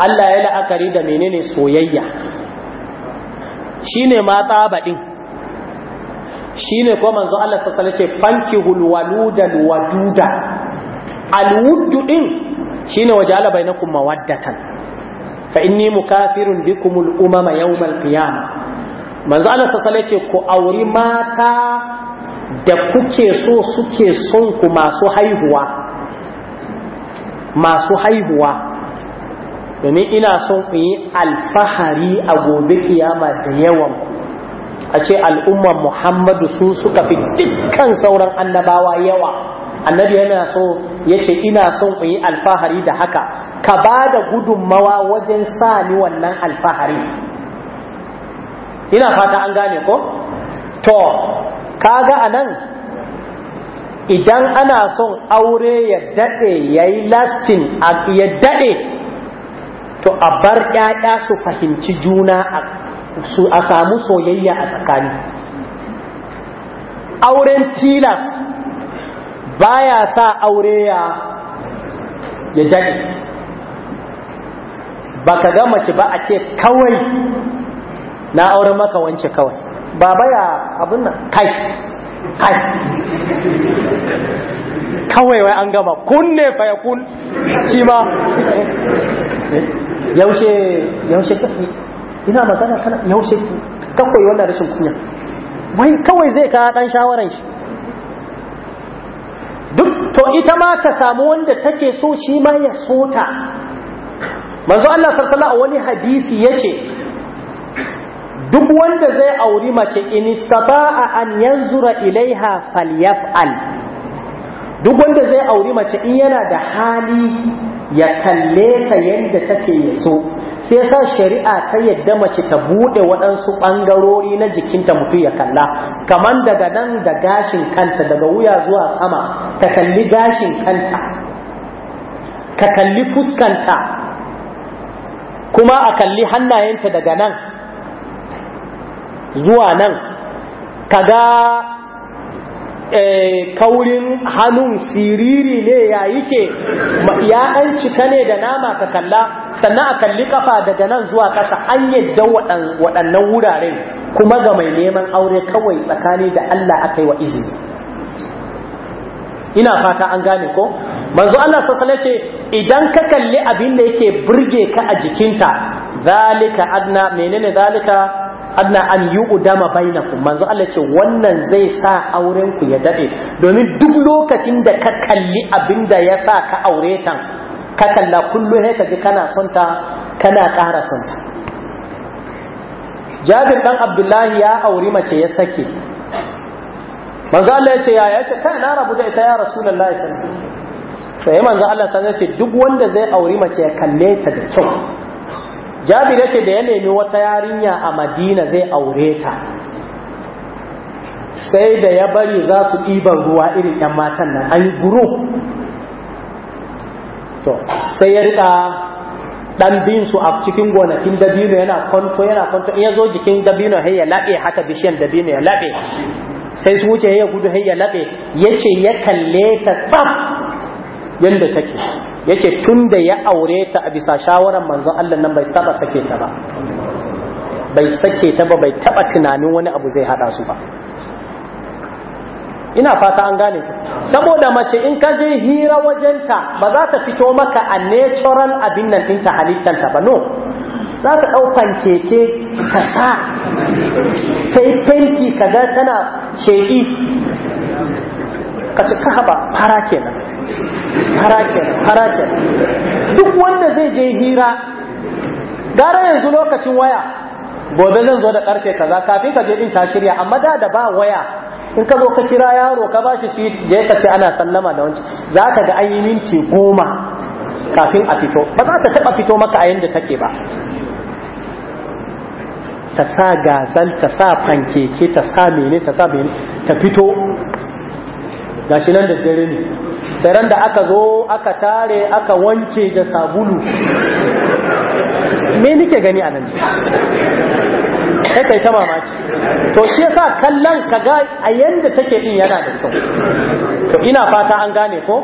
Allah ya la'akari da menene soyayya shine ma tsabadin shine ko manzo Allah sallallahu alaihi wasallam ce fankihul waluda alwaduda din shine wajala bainakum mawaddatan fa inni mukafirun bikumul umama yawmal qiyamah manzo Allah sallallahu ce ku auri mata da kuke so suke son ku masu haihuwa masu haihuwa domin ina son ku yi alfahari a gobe kiyama da yawan a ce al'ummar muhammadu su suka fi dukkan sauran annabawa yawa annabi yana so yace ina son ku yi alfahari da haka ka ba da gudunmawa wajen sa ni wannan alfahari ina fata an gane ko to kaga anan idan ana son aure ya daɗe ya yi lastin ya daɗe to a bar yaya su fahimci juna a samu soyayya a tsakani auren tilas baya sa aure ya ya dade ba ka ga mace ba a ce kawai na aure maka wance kawai ba baya abin nan
kai kai
kawai wai an gama kunne fa ya kun shi ma yaushe yaushe kafi ina magana kana yaushe kakwai wannan rashin kunya wai kawai zai ka dan shawaran shi duk to ita ma ka samu wanda take so shi ma ya so ta manzo Allah sallallahu wani hadisi yace duk wanda zai auri mace in istaba'a an yanzura ilaiha falyaf'al duk wanda zai auri mace in yana da hali ya kalle ta yanda take so sai sa shari'a ta yadda mace ta bude waɗansu ɓangarori na jikinta mutu ya kalla kamar daga nan da gashin kanta daga wuya zuwa sama ta kalli gashin kanta ka kalli fuskanta kuma a kalli hannayenta daga nan zuwa nan ka ga. Eh, kaurin hannun siriri ne ya yi ke ya an cika ne da nama ka kalla sannan a kalli kafa daga nan zuwa ƙasa an yadda waɗannan wurare kuma ga mai neman aure kawai tsakani da Allah aka yi wa izini ina fata an gane ko manzo Allah sassana ce idan ka kalli abin da yake birge ka a jikinta zalika adna menene zalika adna an yi yuqdama ku manzo Allah ce wannan zai sa auren ku ya dade domin duk lokacin da ka kalli abinda ya sa ka aure tan ka kalla kullu sai ka ji kana son ta kana ƙara son ta Jabir dan Abdullahi ya auri mace ya sake manzo Allah ya ce ya ce kai na rabu da ita ya Rasulullahi sallallahu alaihi wasallam sai manzo Allah sai ya ce duk wanda zai auri mace ya kalle ta da kyau jabir ce da ya nemi wata yarinya a madina zai aure ta sai da ya bari za su ɗiban ruwa irin 'yan matan nan an yi guru sai ya riƙa ɗan bin a cikin gonakin dabino yana kwanto yana kwanto in ya zo jikin dabino hey ya laɓe haka bishiyan dabino ya laɓe. sai su wuce ya gudu hey ya laɓe. Ya ce ya kalle ta tsaf yadda take yace tun da ya aure ta a bisa shawarar manzon Allah nan bai saba sake ta ba bai sake ta ba bai taba tunanin wani abu zai hada su ba ina fata an gane ku saboda mace in ka je hira wajenta ba za ta fito maka a natural abin nan ɗinta halittanta ba no za ka ɗaukan keke ka sa ta yi fenti ka ga tana sheƙi ka haba fara kenan fara kenan fara kenan duk wanda zai je hira gara yanzu lokacin waya gobe zan zo da karfe kaza kafin ka je din ta shirya amma da da ba waya in ka zo ka kira yaro ka bashi shi je ka ce ana sallama da wanci zaka ga ayi minti goma kafin a fito ba za ta taba fito maka a yanda take ba ta sa gazal ta sa fankeke ta sa mene ta sa mene ta fito gashi nan da dare ne sai ran da aka zo aka tare aka wanke da sabulu me nike gani a nan sai kai ta mamaki to shi yasa kallon kaga a yanda take din yana da kyau to ina fata an gane ko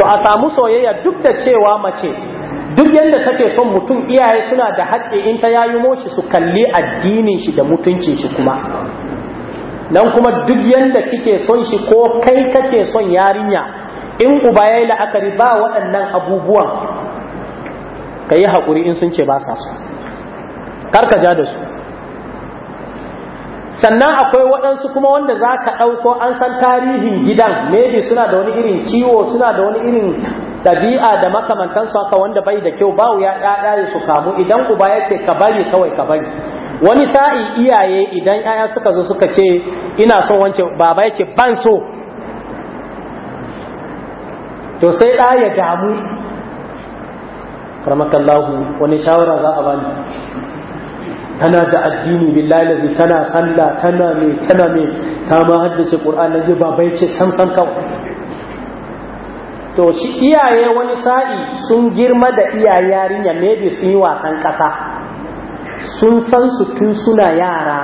to a samu soyayya duk da cewa mace duk yanda take son mutum iyaye suna da haƙƙi in ta yayi moshi su kalli addinin shi da mutuncin shi kuma nan kuma duk yanda kike son shi ko kai kake son yarinya in uba yayi la'akari ba waɗannan abubuwan ka yi haƙuri in sun ce ba sa su karka ja da su sannan akwai waɗansu kuma wanda za ka ɗauko an san tarihin gidan maybe suna da wani irin ciwo suna da wani irin ɗabi'a da makamantansu haka wanda bai da kyau bawu ya ɗaɗa su kamu idan uba ya ce ka bari kawai ka bari wani sa'i iyaye idan 'ya'ya suka zo suka ce ina son wance baba yake ban so to sai da ya damu karmakallahu wani shawara za a bani tana da addini billahi tana sallah tana ne tana mai ta ma haddace qur'an naji baba ya ce san san kawai to shi iyaye wani sa'i sun girma da iyaye yarinya maybe sun yi wasan kasa sun san su tun suna yara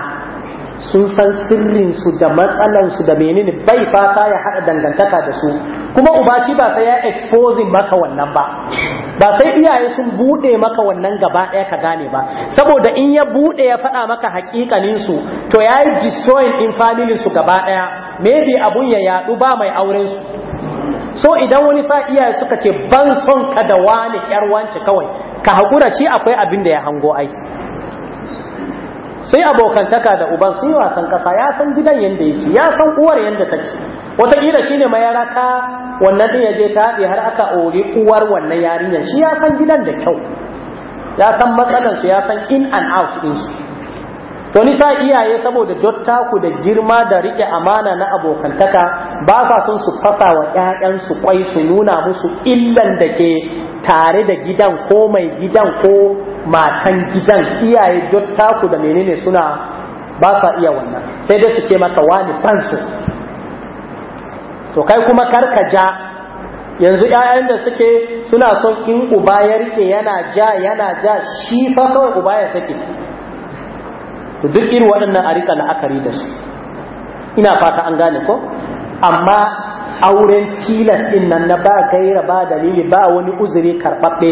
sun san sirrinsu da matsalansu da menene bai fata ya haɗa dangantaka da su kuma uba shi ba sai ya exposing maka wannan ba ba sai iyaye sun buɗe maka wannan gaba ɗaya ka gane ba saboda in ya buɗe ya faɗa maka hakikaninsu to ya yi destroying in family su gaba ɗaya maybe abun ya yaɗu ba mai auren su so idan wani sa iyaye suka ce ban son ka da wani ƴar wance kawai ka haƙura shi akwai abin da ya hango ai sai abokantaka da uban sai wasan ƙasa ya san gidan yadda yake ya san uwar yadda take wataƙila shi ne mayara ta wannan ɗin ya je ta haɗe har aka ori uwar wannan yarinyar shi ya san gidan da kyau ya san matsalansu ya san in and out ɗinsu to nisa iyaye saboda ku da girma da riƙe amana na abokantaka ba sa son su fasa wa ƴaƴansu kwai su nuna musu illan da ke tare da gidan ko mai gidan ko matan gidan iyaye jottaku da menene suna ba sa iya wannan sai dai su ce maka wani fansu to kai kuma karka ja yanzu ‘ya'yan da suke suna son in uba ya rike yana ja yana ja shi fa kawai uba ya sake to duk irin waɗannan a rika la'akari da su ina fata an gane ko amma auren tilas ɗin nan na ba gaira ba dalili ba wani uzuri karɓaɓɓe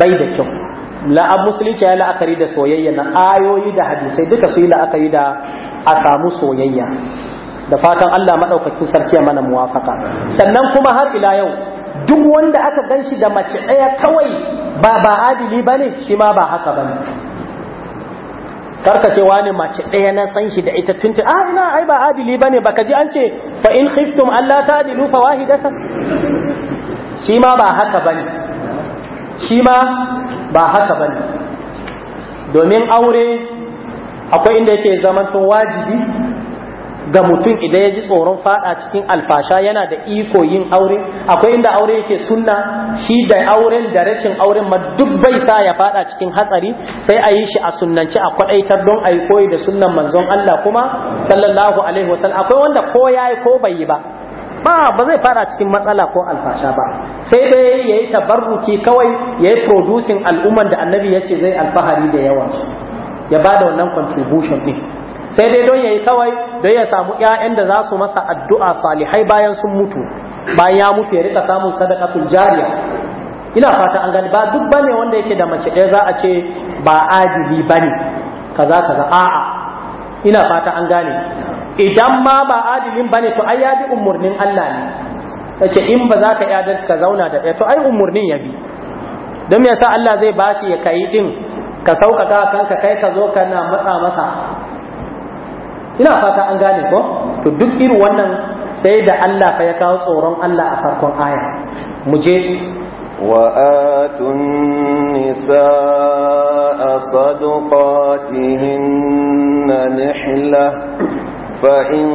bai da kyau la'an musulunci ya la'akari da soyayya na ayoyi da hadisai duka su yi la'akari da a samu soyayya da fatan Allah maɗaukakin sarki mana muwafaka sannan kuma har ila yau duk wanda aka gan shi da mace ɗaya kawai ba ba adili ba ne shi ma ba haka ba ne karkacewa ne mace ɗaya na san shi da ita tuntun a ah, ina ai ba adili ba ne ba ka ji an ce fa in khiftum Allah ta adilu fa wahidatan shi ma ba haka ba ne shi ma ba haka bane domin aure akwai inda yake zamantun wajibi ga mutum idan ya ji tsoron fada cikin alfasha yana da iko yin aure akwai inda aure yake sunna shi da auren da rashin auren ma duk bai sa ya fada cikin hatsari sai a yi shi a sunnance a kwadaitar don a yi koyi da sunnan manzon Allah kuma sallallahu alaihi wasallam akwai wanda ko yayi ko bai yi ba ba ba zai fara cikin matsala ko alfasha ba sai dai yi tabarruki kawai ya yi producing al'umman da annabi ya ce zai alfahari da yawan su ya bada wannan contribution ɗin sai dai don ya yi kawai don ya samu ƴaƴan da za su masa addu'a salihai bayan sun mutu bayan ya mutu ya rika samun tun jariya ina fata an gani ba duk bane wanda yake da mace ɗaya za a ce ba adili bane kaza kaza a'a ina fata an gane idan ma ba adilin bane to ai ya bi umurnin Allah ne sace in ba za ka yadar ka zauna da to ai umurnin ya bi don me yasa Allah zai bashi ya kai din ka sauƙaƙa kanka kai ka zo kana matsa masa ina fata an gane ko to duk irin wannan sai da Allah fa ya kawo tsoron Allah a farkon aya
mu je وآتوا النساء صدقاتهن نحلة فإن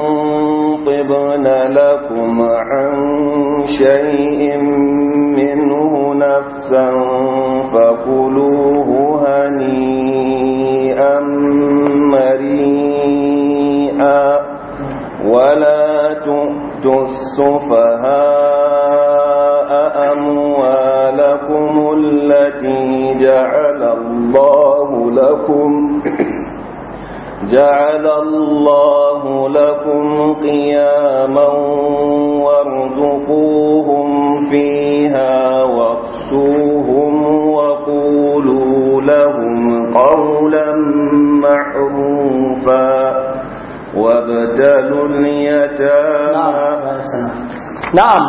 طبن لكم عن شيء منه نفسا فكلوه هنيئا مريئا ولا تؤتوا السفهاء أموالكم التي جعل الله لكم جعل الله لكم قياما وارزقوهم فيها واقسوهم وقولوا لهم قولا معروفا وابتلوا اليتامى نعم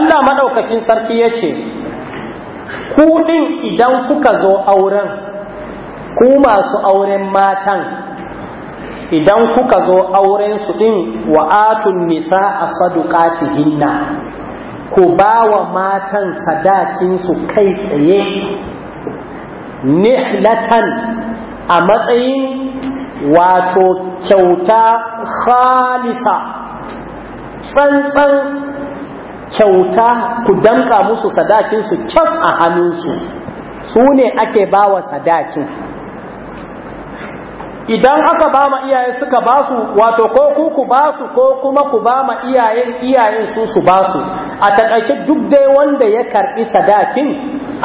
الله madaukakin sarki
ya ce, Ku ɗin idan kuka zo auren, ku masu auren matan, idan kuka zo auren su din wa atun nisa hinna ku ba wa matan sadakin su kai tsaye nihlatan a matsayin wato kyauta khalisa tsantsan kyauta ku danka musu sadakin su cas a hannunsu su ne ake bawa sadakin idan aka ba ma iyaye suka ba su wato ko ku ku ba su ko kuma ku ba ma iyayen iyayen su su ba su a takaice duk dai wanda ya karbi sadakin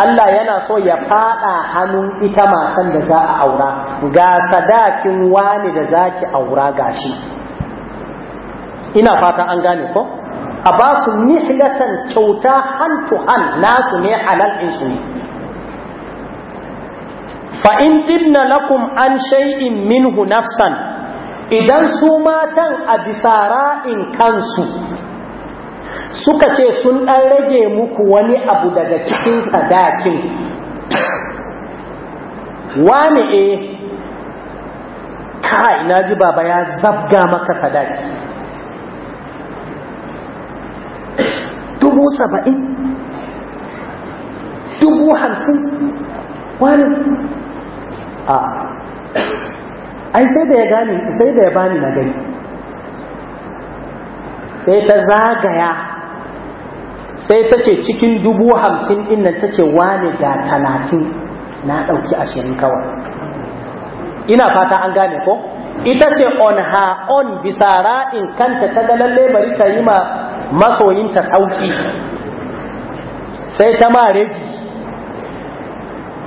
Allah yana so ya fada hannun ita matan da za a aura ga sadakin wani da za ki aura gashi ina fata an gane ko a ba su mihlatan kyauta hand to nasu ne halal in su ne fa in tibna lakum an shay'in minhu nafsan idan su matan a bisara in kansu suka ce sun ɗan rage muku wani abu daga cikin sadakin wani eh kai na ji baba ya zabga maka sadaki dubu saba'in dubu hamsin wani a ai sai da ya gani sai da ya bani na gani sai ta zagaya sai ta ce cikin dubu hamsin inda ta ce wane ga talatin na ɗauki ashirin kawai ina fata an gane ko ita ce on her on bisa ra'in kanta ta ga lalle bari ta yi ma masoyinta sauki sai ta ma rage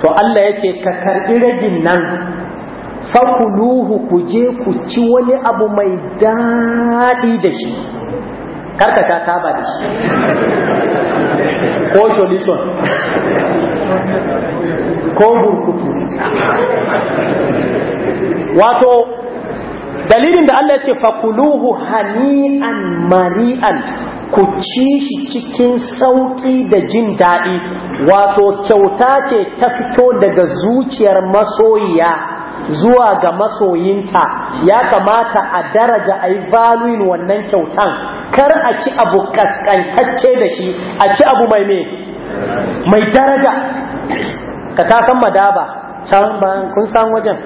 to Allah ya ce ka karɓi ragin nan fakuluhu ku je ku ci wani abu mai daɗi da shi karka sha saba da shi ko solution ko burkutu wato dalilin da Allah ya ce fakuluhu hani'an mari'an ku ci shi cikin sauƙi da jin daɗi wato kyauta ce ta fito daga zuciyar masoyiya zuwa ga masoyinta ya kamata a daraja a yi valuin wannan kyautan kar a ci abu kaskantacce da shi a ci abu mai me mai daraja ka takan madaba can kun san wajen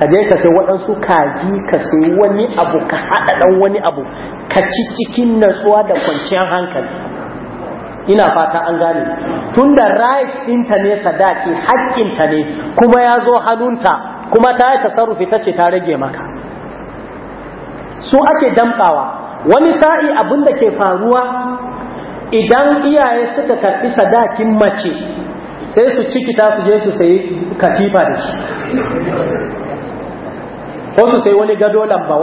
ka je ka sai waɗansu kaji ka sai wani abu ka haɗa ɗan wani abu ka ci cikin natsuwa da kwanciyar hankali ina fata an gane tunda right ɗinta ne sadaki haƙƙinta ne kuma ya zo hannunta kuma ta yi tasarrufi ta ce ta rage maka su ake damɓawa wani sa'i abin da ke faruwa idan iyaye suka karɓi sadakin mace sai su ciki ta su je su sayi katifa da shi ko su sai wani gado lamba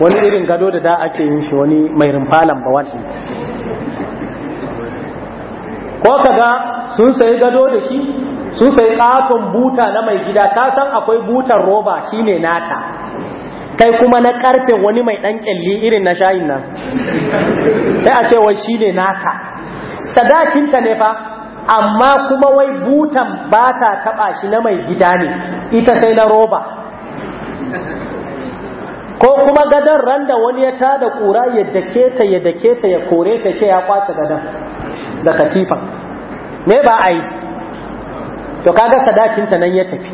wani irin gado da da ake yin shi wani mai rumfa lamba ko ka ga sun sayi gado da shi sun sayi katon buta na mai gida ta san akwai butar roba shi ne nata kai kuma na karfe wani mai dan kyalli irin na shayin nan sai a ce wai ne nata sadakinta ne fa amma kuma wai butan ba ta taba shi na mai gida ne ita sai na roba ko kuma gadon ran da wani ya tada kura ya dake ta ya dake ta ya kore ta ce ya kwace gadon da katifan me ba a yi to kaga sadakinta nan ya tafi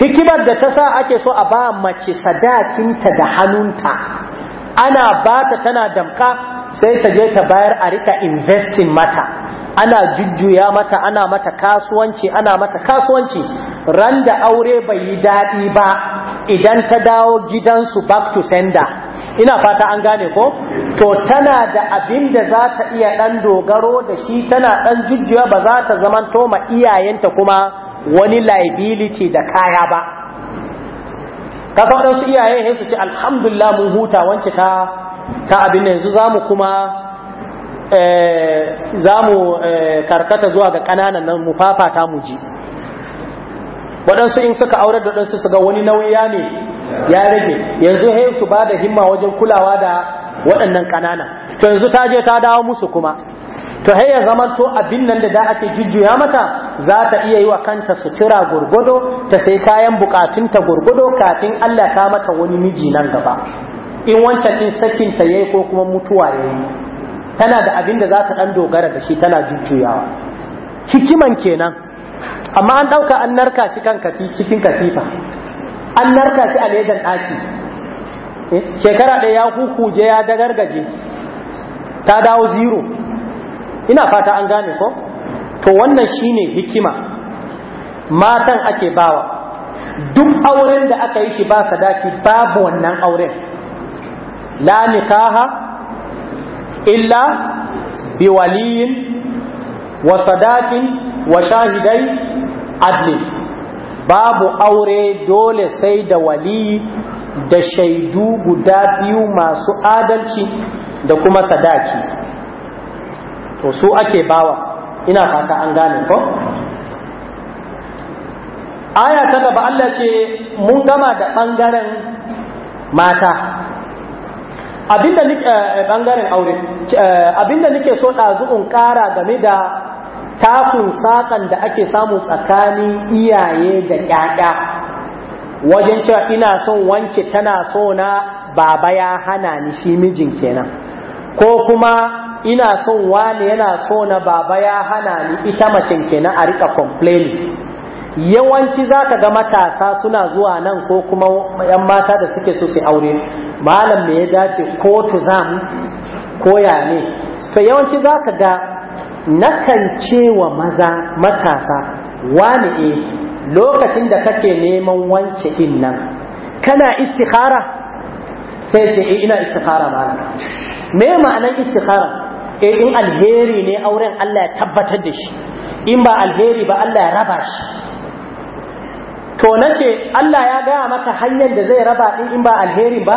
hikimar da ta sa ake so a ba mace sadakinta da hannunta ana ba ta tana damka sai ta je ta bayar a rika investing mata ana jujjuya mata ana mata kasuwanci ana mata kasuwanci ran da aure bai yi daɗi ba idan ta dawo gidansu back to sender ina fata an gane ko to tana da abin da za ta iya ɗan dogaro da shi tana ɗan jujjuya ba za ta zaman toma iyayenta kuma wani liability da kaya ba kasa waɗansu iyayen su ce alhamdulillah mun huta wance ta ta abin yanzu zamu kuma Eh, za mu eh, karkata zuwa ga ƙananan nan mu fafata mu ji waɗansu in suka aurar da waɗansu su ga wani nauyi ya ne ya rage yanzu yi su ba da himma wajen kulawa da waɗannan ƙanana to yanzu ta je ta dawo musu kuma to he ya zamanto abin nan da da ake jujjuya mata za ta iya yi wa kanta sutura gurgudo ta sai kayan bukatunta gurgudo kafin Allah ta mata wani miji nan gaba in wancan in sakinta ya yi ko kuma mutuwa ya yi. tana da abin da za ta ɗan dogara da shi tana jujjuyawa hikiman kenan amma an ɗauka an narka shi kan cikin katifa an narka shi a ledan ɗaki eh, shekara ɗaya ya hukuje ya dagargaje ta dawo zero ina fata an gane ko to wannan shine hikima matan ake bawa duk auren da aka yi shi ba sadaki babu wannan auren la nikaha illa bi waliyin wa sadakin wa shahidai adli babu aure dole sai da wali da shaidu guda biyu masu adalci da kuma sadaki to su ake bawa ina fata an gane ko aya ta gaba Allah ce mun gama da ɓangaren mata abinda eh, eh, bangaren aure eh, abinda nake so ɗazu'un ƙara game da takun saƙan da ake samu tsakanin iyaye da yaya wajen cewa ina son wanke tana so na baba ya hana ni shi mijin kenan ko kuma ina son wani yana so na baba ya hana ni ita macen kenan a rika complaining yawanci za ka ga matasa suna zuwa nan ko kuma yan mata da suke so su aure malam me ya dace ko tuzam ko ya ne to yawanci za ka ga nakan cewa maza matasa wani e eh, lokacin da kake neman wance din nan kana istikhara sai ce e ina istikhara malam me ma'anan istikhara e in alheri ne auren Allah ya tabbatar da shi in ba alheri ba Allah ya raba shi to na ce Allah ya gaya maka hanyar da zai raba ɗin in ba alherin ba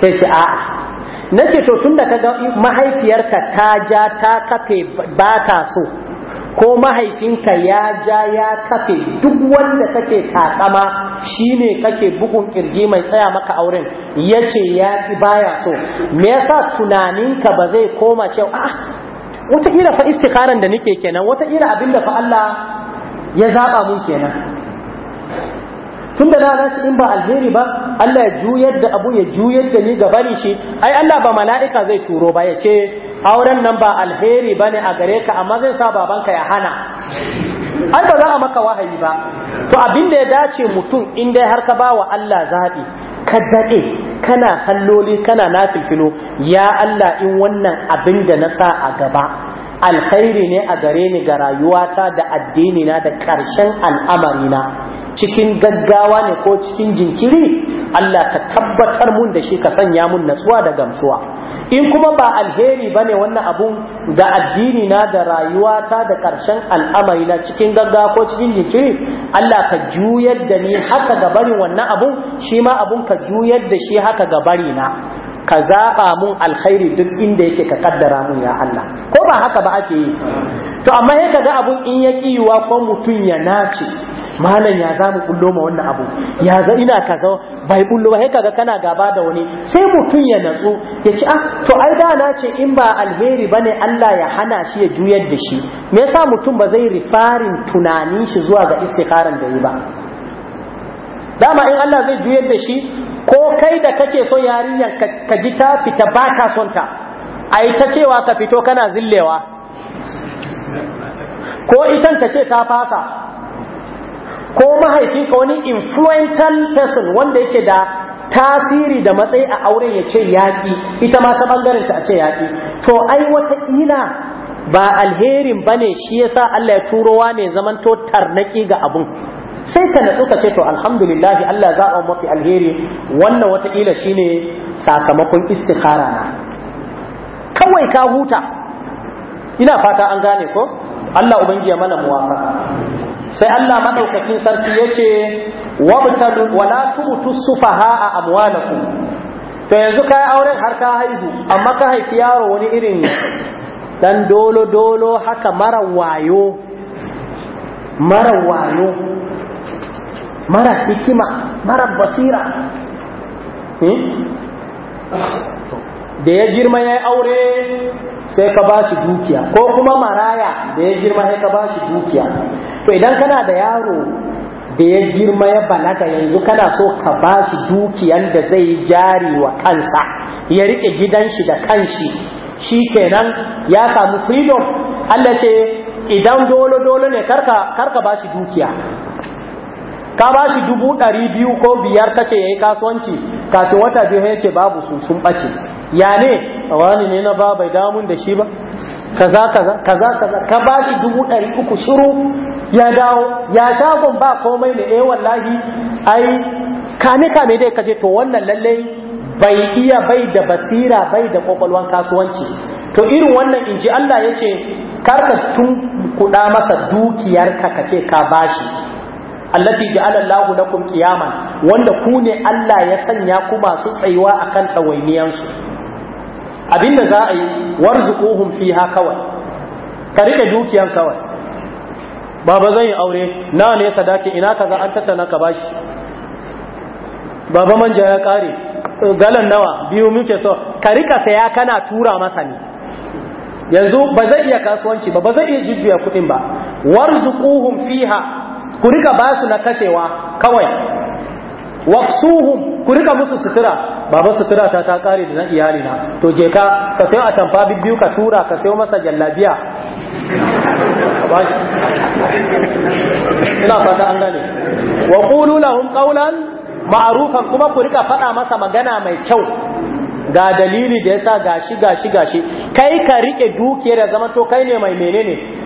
sai ce a na ce to tun da ka ga mahaifiyarka ta ja ta kafe ba ta so ko mahaifinka ya ja ya kafe duk wanda kake takama shine kake bugun kirji mai tsaya maka auren ya ce ya fi baya so me yasa tunaninka ba zai koma cewa wata wataƙila fa istikharan da nake kenan wataƙila abinda fa Allah ya zaɓa mun kenan tun da na ci in ba alheri ba Allah ya juyar da abu ya juyar da ni gaba ni shi ai Allah ba mala'ika zai turo ba ya ce auren nan ba alheri ba ne a gare ka amma zai sa babanka ya hana ai ba za a maka wahayi ba to abin da ya dace mutum in dai har ka ba wa Allah zaɓi ka daɗe kana halloli, kana nafilfilo ya Allah in wannan abin da na sa a gaba alkhairi ne a gare ni ga rayuwata da addini na da ƙarshen al'amarina, cikin gaggawa ne ko cikin jinkiri Allah ka tabbatar mun da shi ka sanya mun natsuwa da gamsuwa in kuma ba alheri bane wannan abun ga addini na da rayuwata da ƙarshen al'amarina, cikin gaggawa ko cikin jinkiri Allah ka juyar da ni haka ga bari wannan abun shi ma abun ka juyar da shi haka ga bari na ka zaɓa mun alkhairi duk inda yake ka kaddara mun ya Allah ko ba haka ba ake yi to amma sai kaga abun in ya kiyuwa ko mutun ya nace malam ya za mu bullo ma wannan abu ya za ina kaza bai bullo ba sai kaga kana gaba da wani sai mutum ya natsu ya ci ah to ai da na ce in ba alheri bane Allah ya hana shi ya juyar da shi me yasa mutum ba zai rifarin tunanin shi zuwa ga istikharan da yi ba dama in Allah zai juyar da shi ko kai da kake so yarinyar ka ji ta fita ba ka son ta ai ta cewa ka fito kana zillewa ko itan ta ce ta fasa ko mahaifinka wani influential person wanda yake da tasiri da matsayi a auren ya ce yaƙi ita ma ta ɓangaren ta a ce yaƙi to ai wataƙila ba alherin ba ne shi yasa Allah ya turowa ne zamanto tarnaki ga abun sai ka natsu ka ce to alhamdulillahi Allah za a mafi alheri wannan wataƙila shine sakamakon istikhara na kawai ka huta ina fata an gane ko Allah ubangiya mana muwafa sai Allah madaukakin sarki yace wabtalu wala a sufaha amwalaku to yanzu kai auren har ka haihu amma ka haifi yaro wani irin dan dolo dolo haka mara wayo mara wayo mara hikima mara basira hmm? da ya girma ya aure sai ka bashi dukiya ko kuma maraya da ya girma sai ka bashi dukiya to idan kana da yaro da ya girma ya balaga yanzu kana so ka bashi dukiyan da zai yi jari wa kansa ya riƙe gidan shi da kanshi shi kenan ya samu freedom Allah ce idan dole dole ne karka ka bashi dukiya ka ba shi dubu ɗari biyu ko biyar ce ya yi kasuwanci kafin wata biyu ya ce babu su sun ɓace ya ne wani ne na ba damun da shi ba kaza kaza kaza kaza ka ba shi dubu ɗari uku shiru ya dawo ya shagon ba komai ne eh wallahi ai kame kame dai kaje to wannan lallai bai iya bai da basira bai da kwakwalwan kasuwanci to irin wannan in ji Allah ya ce karka tun kuɗa masa dukiyarka kace ka bashi allati ja'ala Allahu lakum qiyaman wanda ku ne Allah ya sanya ku masu tsayuwa akan dawainiyan su abinda za a yi warzuquhum fiha kawai ka rike dukiyan kawai baba zan yi aure na ne sadaki ina kaza an tattana ka bashi baba manja ya kare galan nawa biyu muke so ka rika saya kana tura masa ne yanzu ba zai iya kasuwanci ba ba zai iya jujjuya kuɗin ba warzuquhum fiha ku rika ba su na kashewa kawai waksuhum ku rika musu sutura baba sutura ta ta kare da na iyali na to je ka ka sayo atamfa biyu ka tura ka sayo masa jallabiya
ina fata an gane
wa qulu lahum qawlan ma'rufan kuma ku rika faɗa masa magana mai kyau ga dalili da yasa gashi gashi gashi kai ka rike dukiyar da zama to kai ne mai menene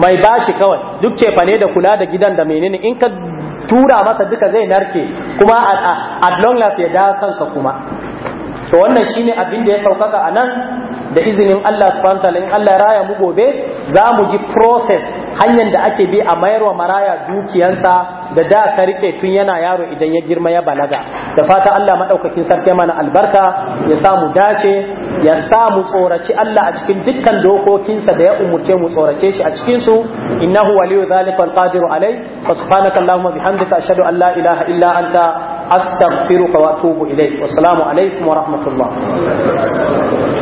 mai bashi kawai duk cefane da kula da gidan da menene in ka tura masa duka zai narke kuma a long last ya da kanka kuma to wannan shine abin da ya saukaka a nan da izinin Allah subhanahu in Allah ya raya mu gobe za mu ji process hanyar da ake bi a mayar wa maraya dukiyansa da da ka rike tun yana yaro idan ya girma ya balaga da fata Allah madaukakin sarki mana albarka ya sa mu dace ya sa mu tsoraci Allah a cikin dukkan dokokinsa da ya umurce mu tsorace shi a cikin su innahu waliyu zalika alqadiru alai wa subhanaka allahumma bihamdika ashhadu an la ilaha illa anta astaghfiruka wa atubu ilaik wassalamu alaikum wa rahmatullah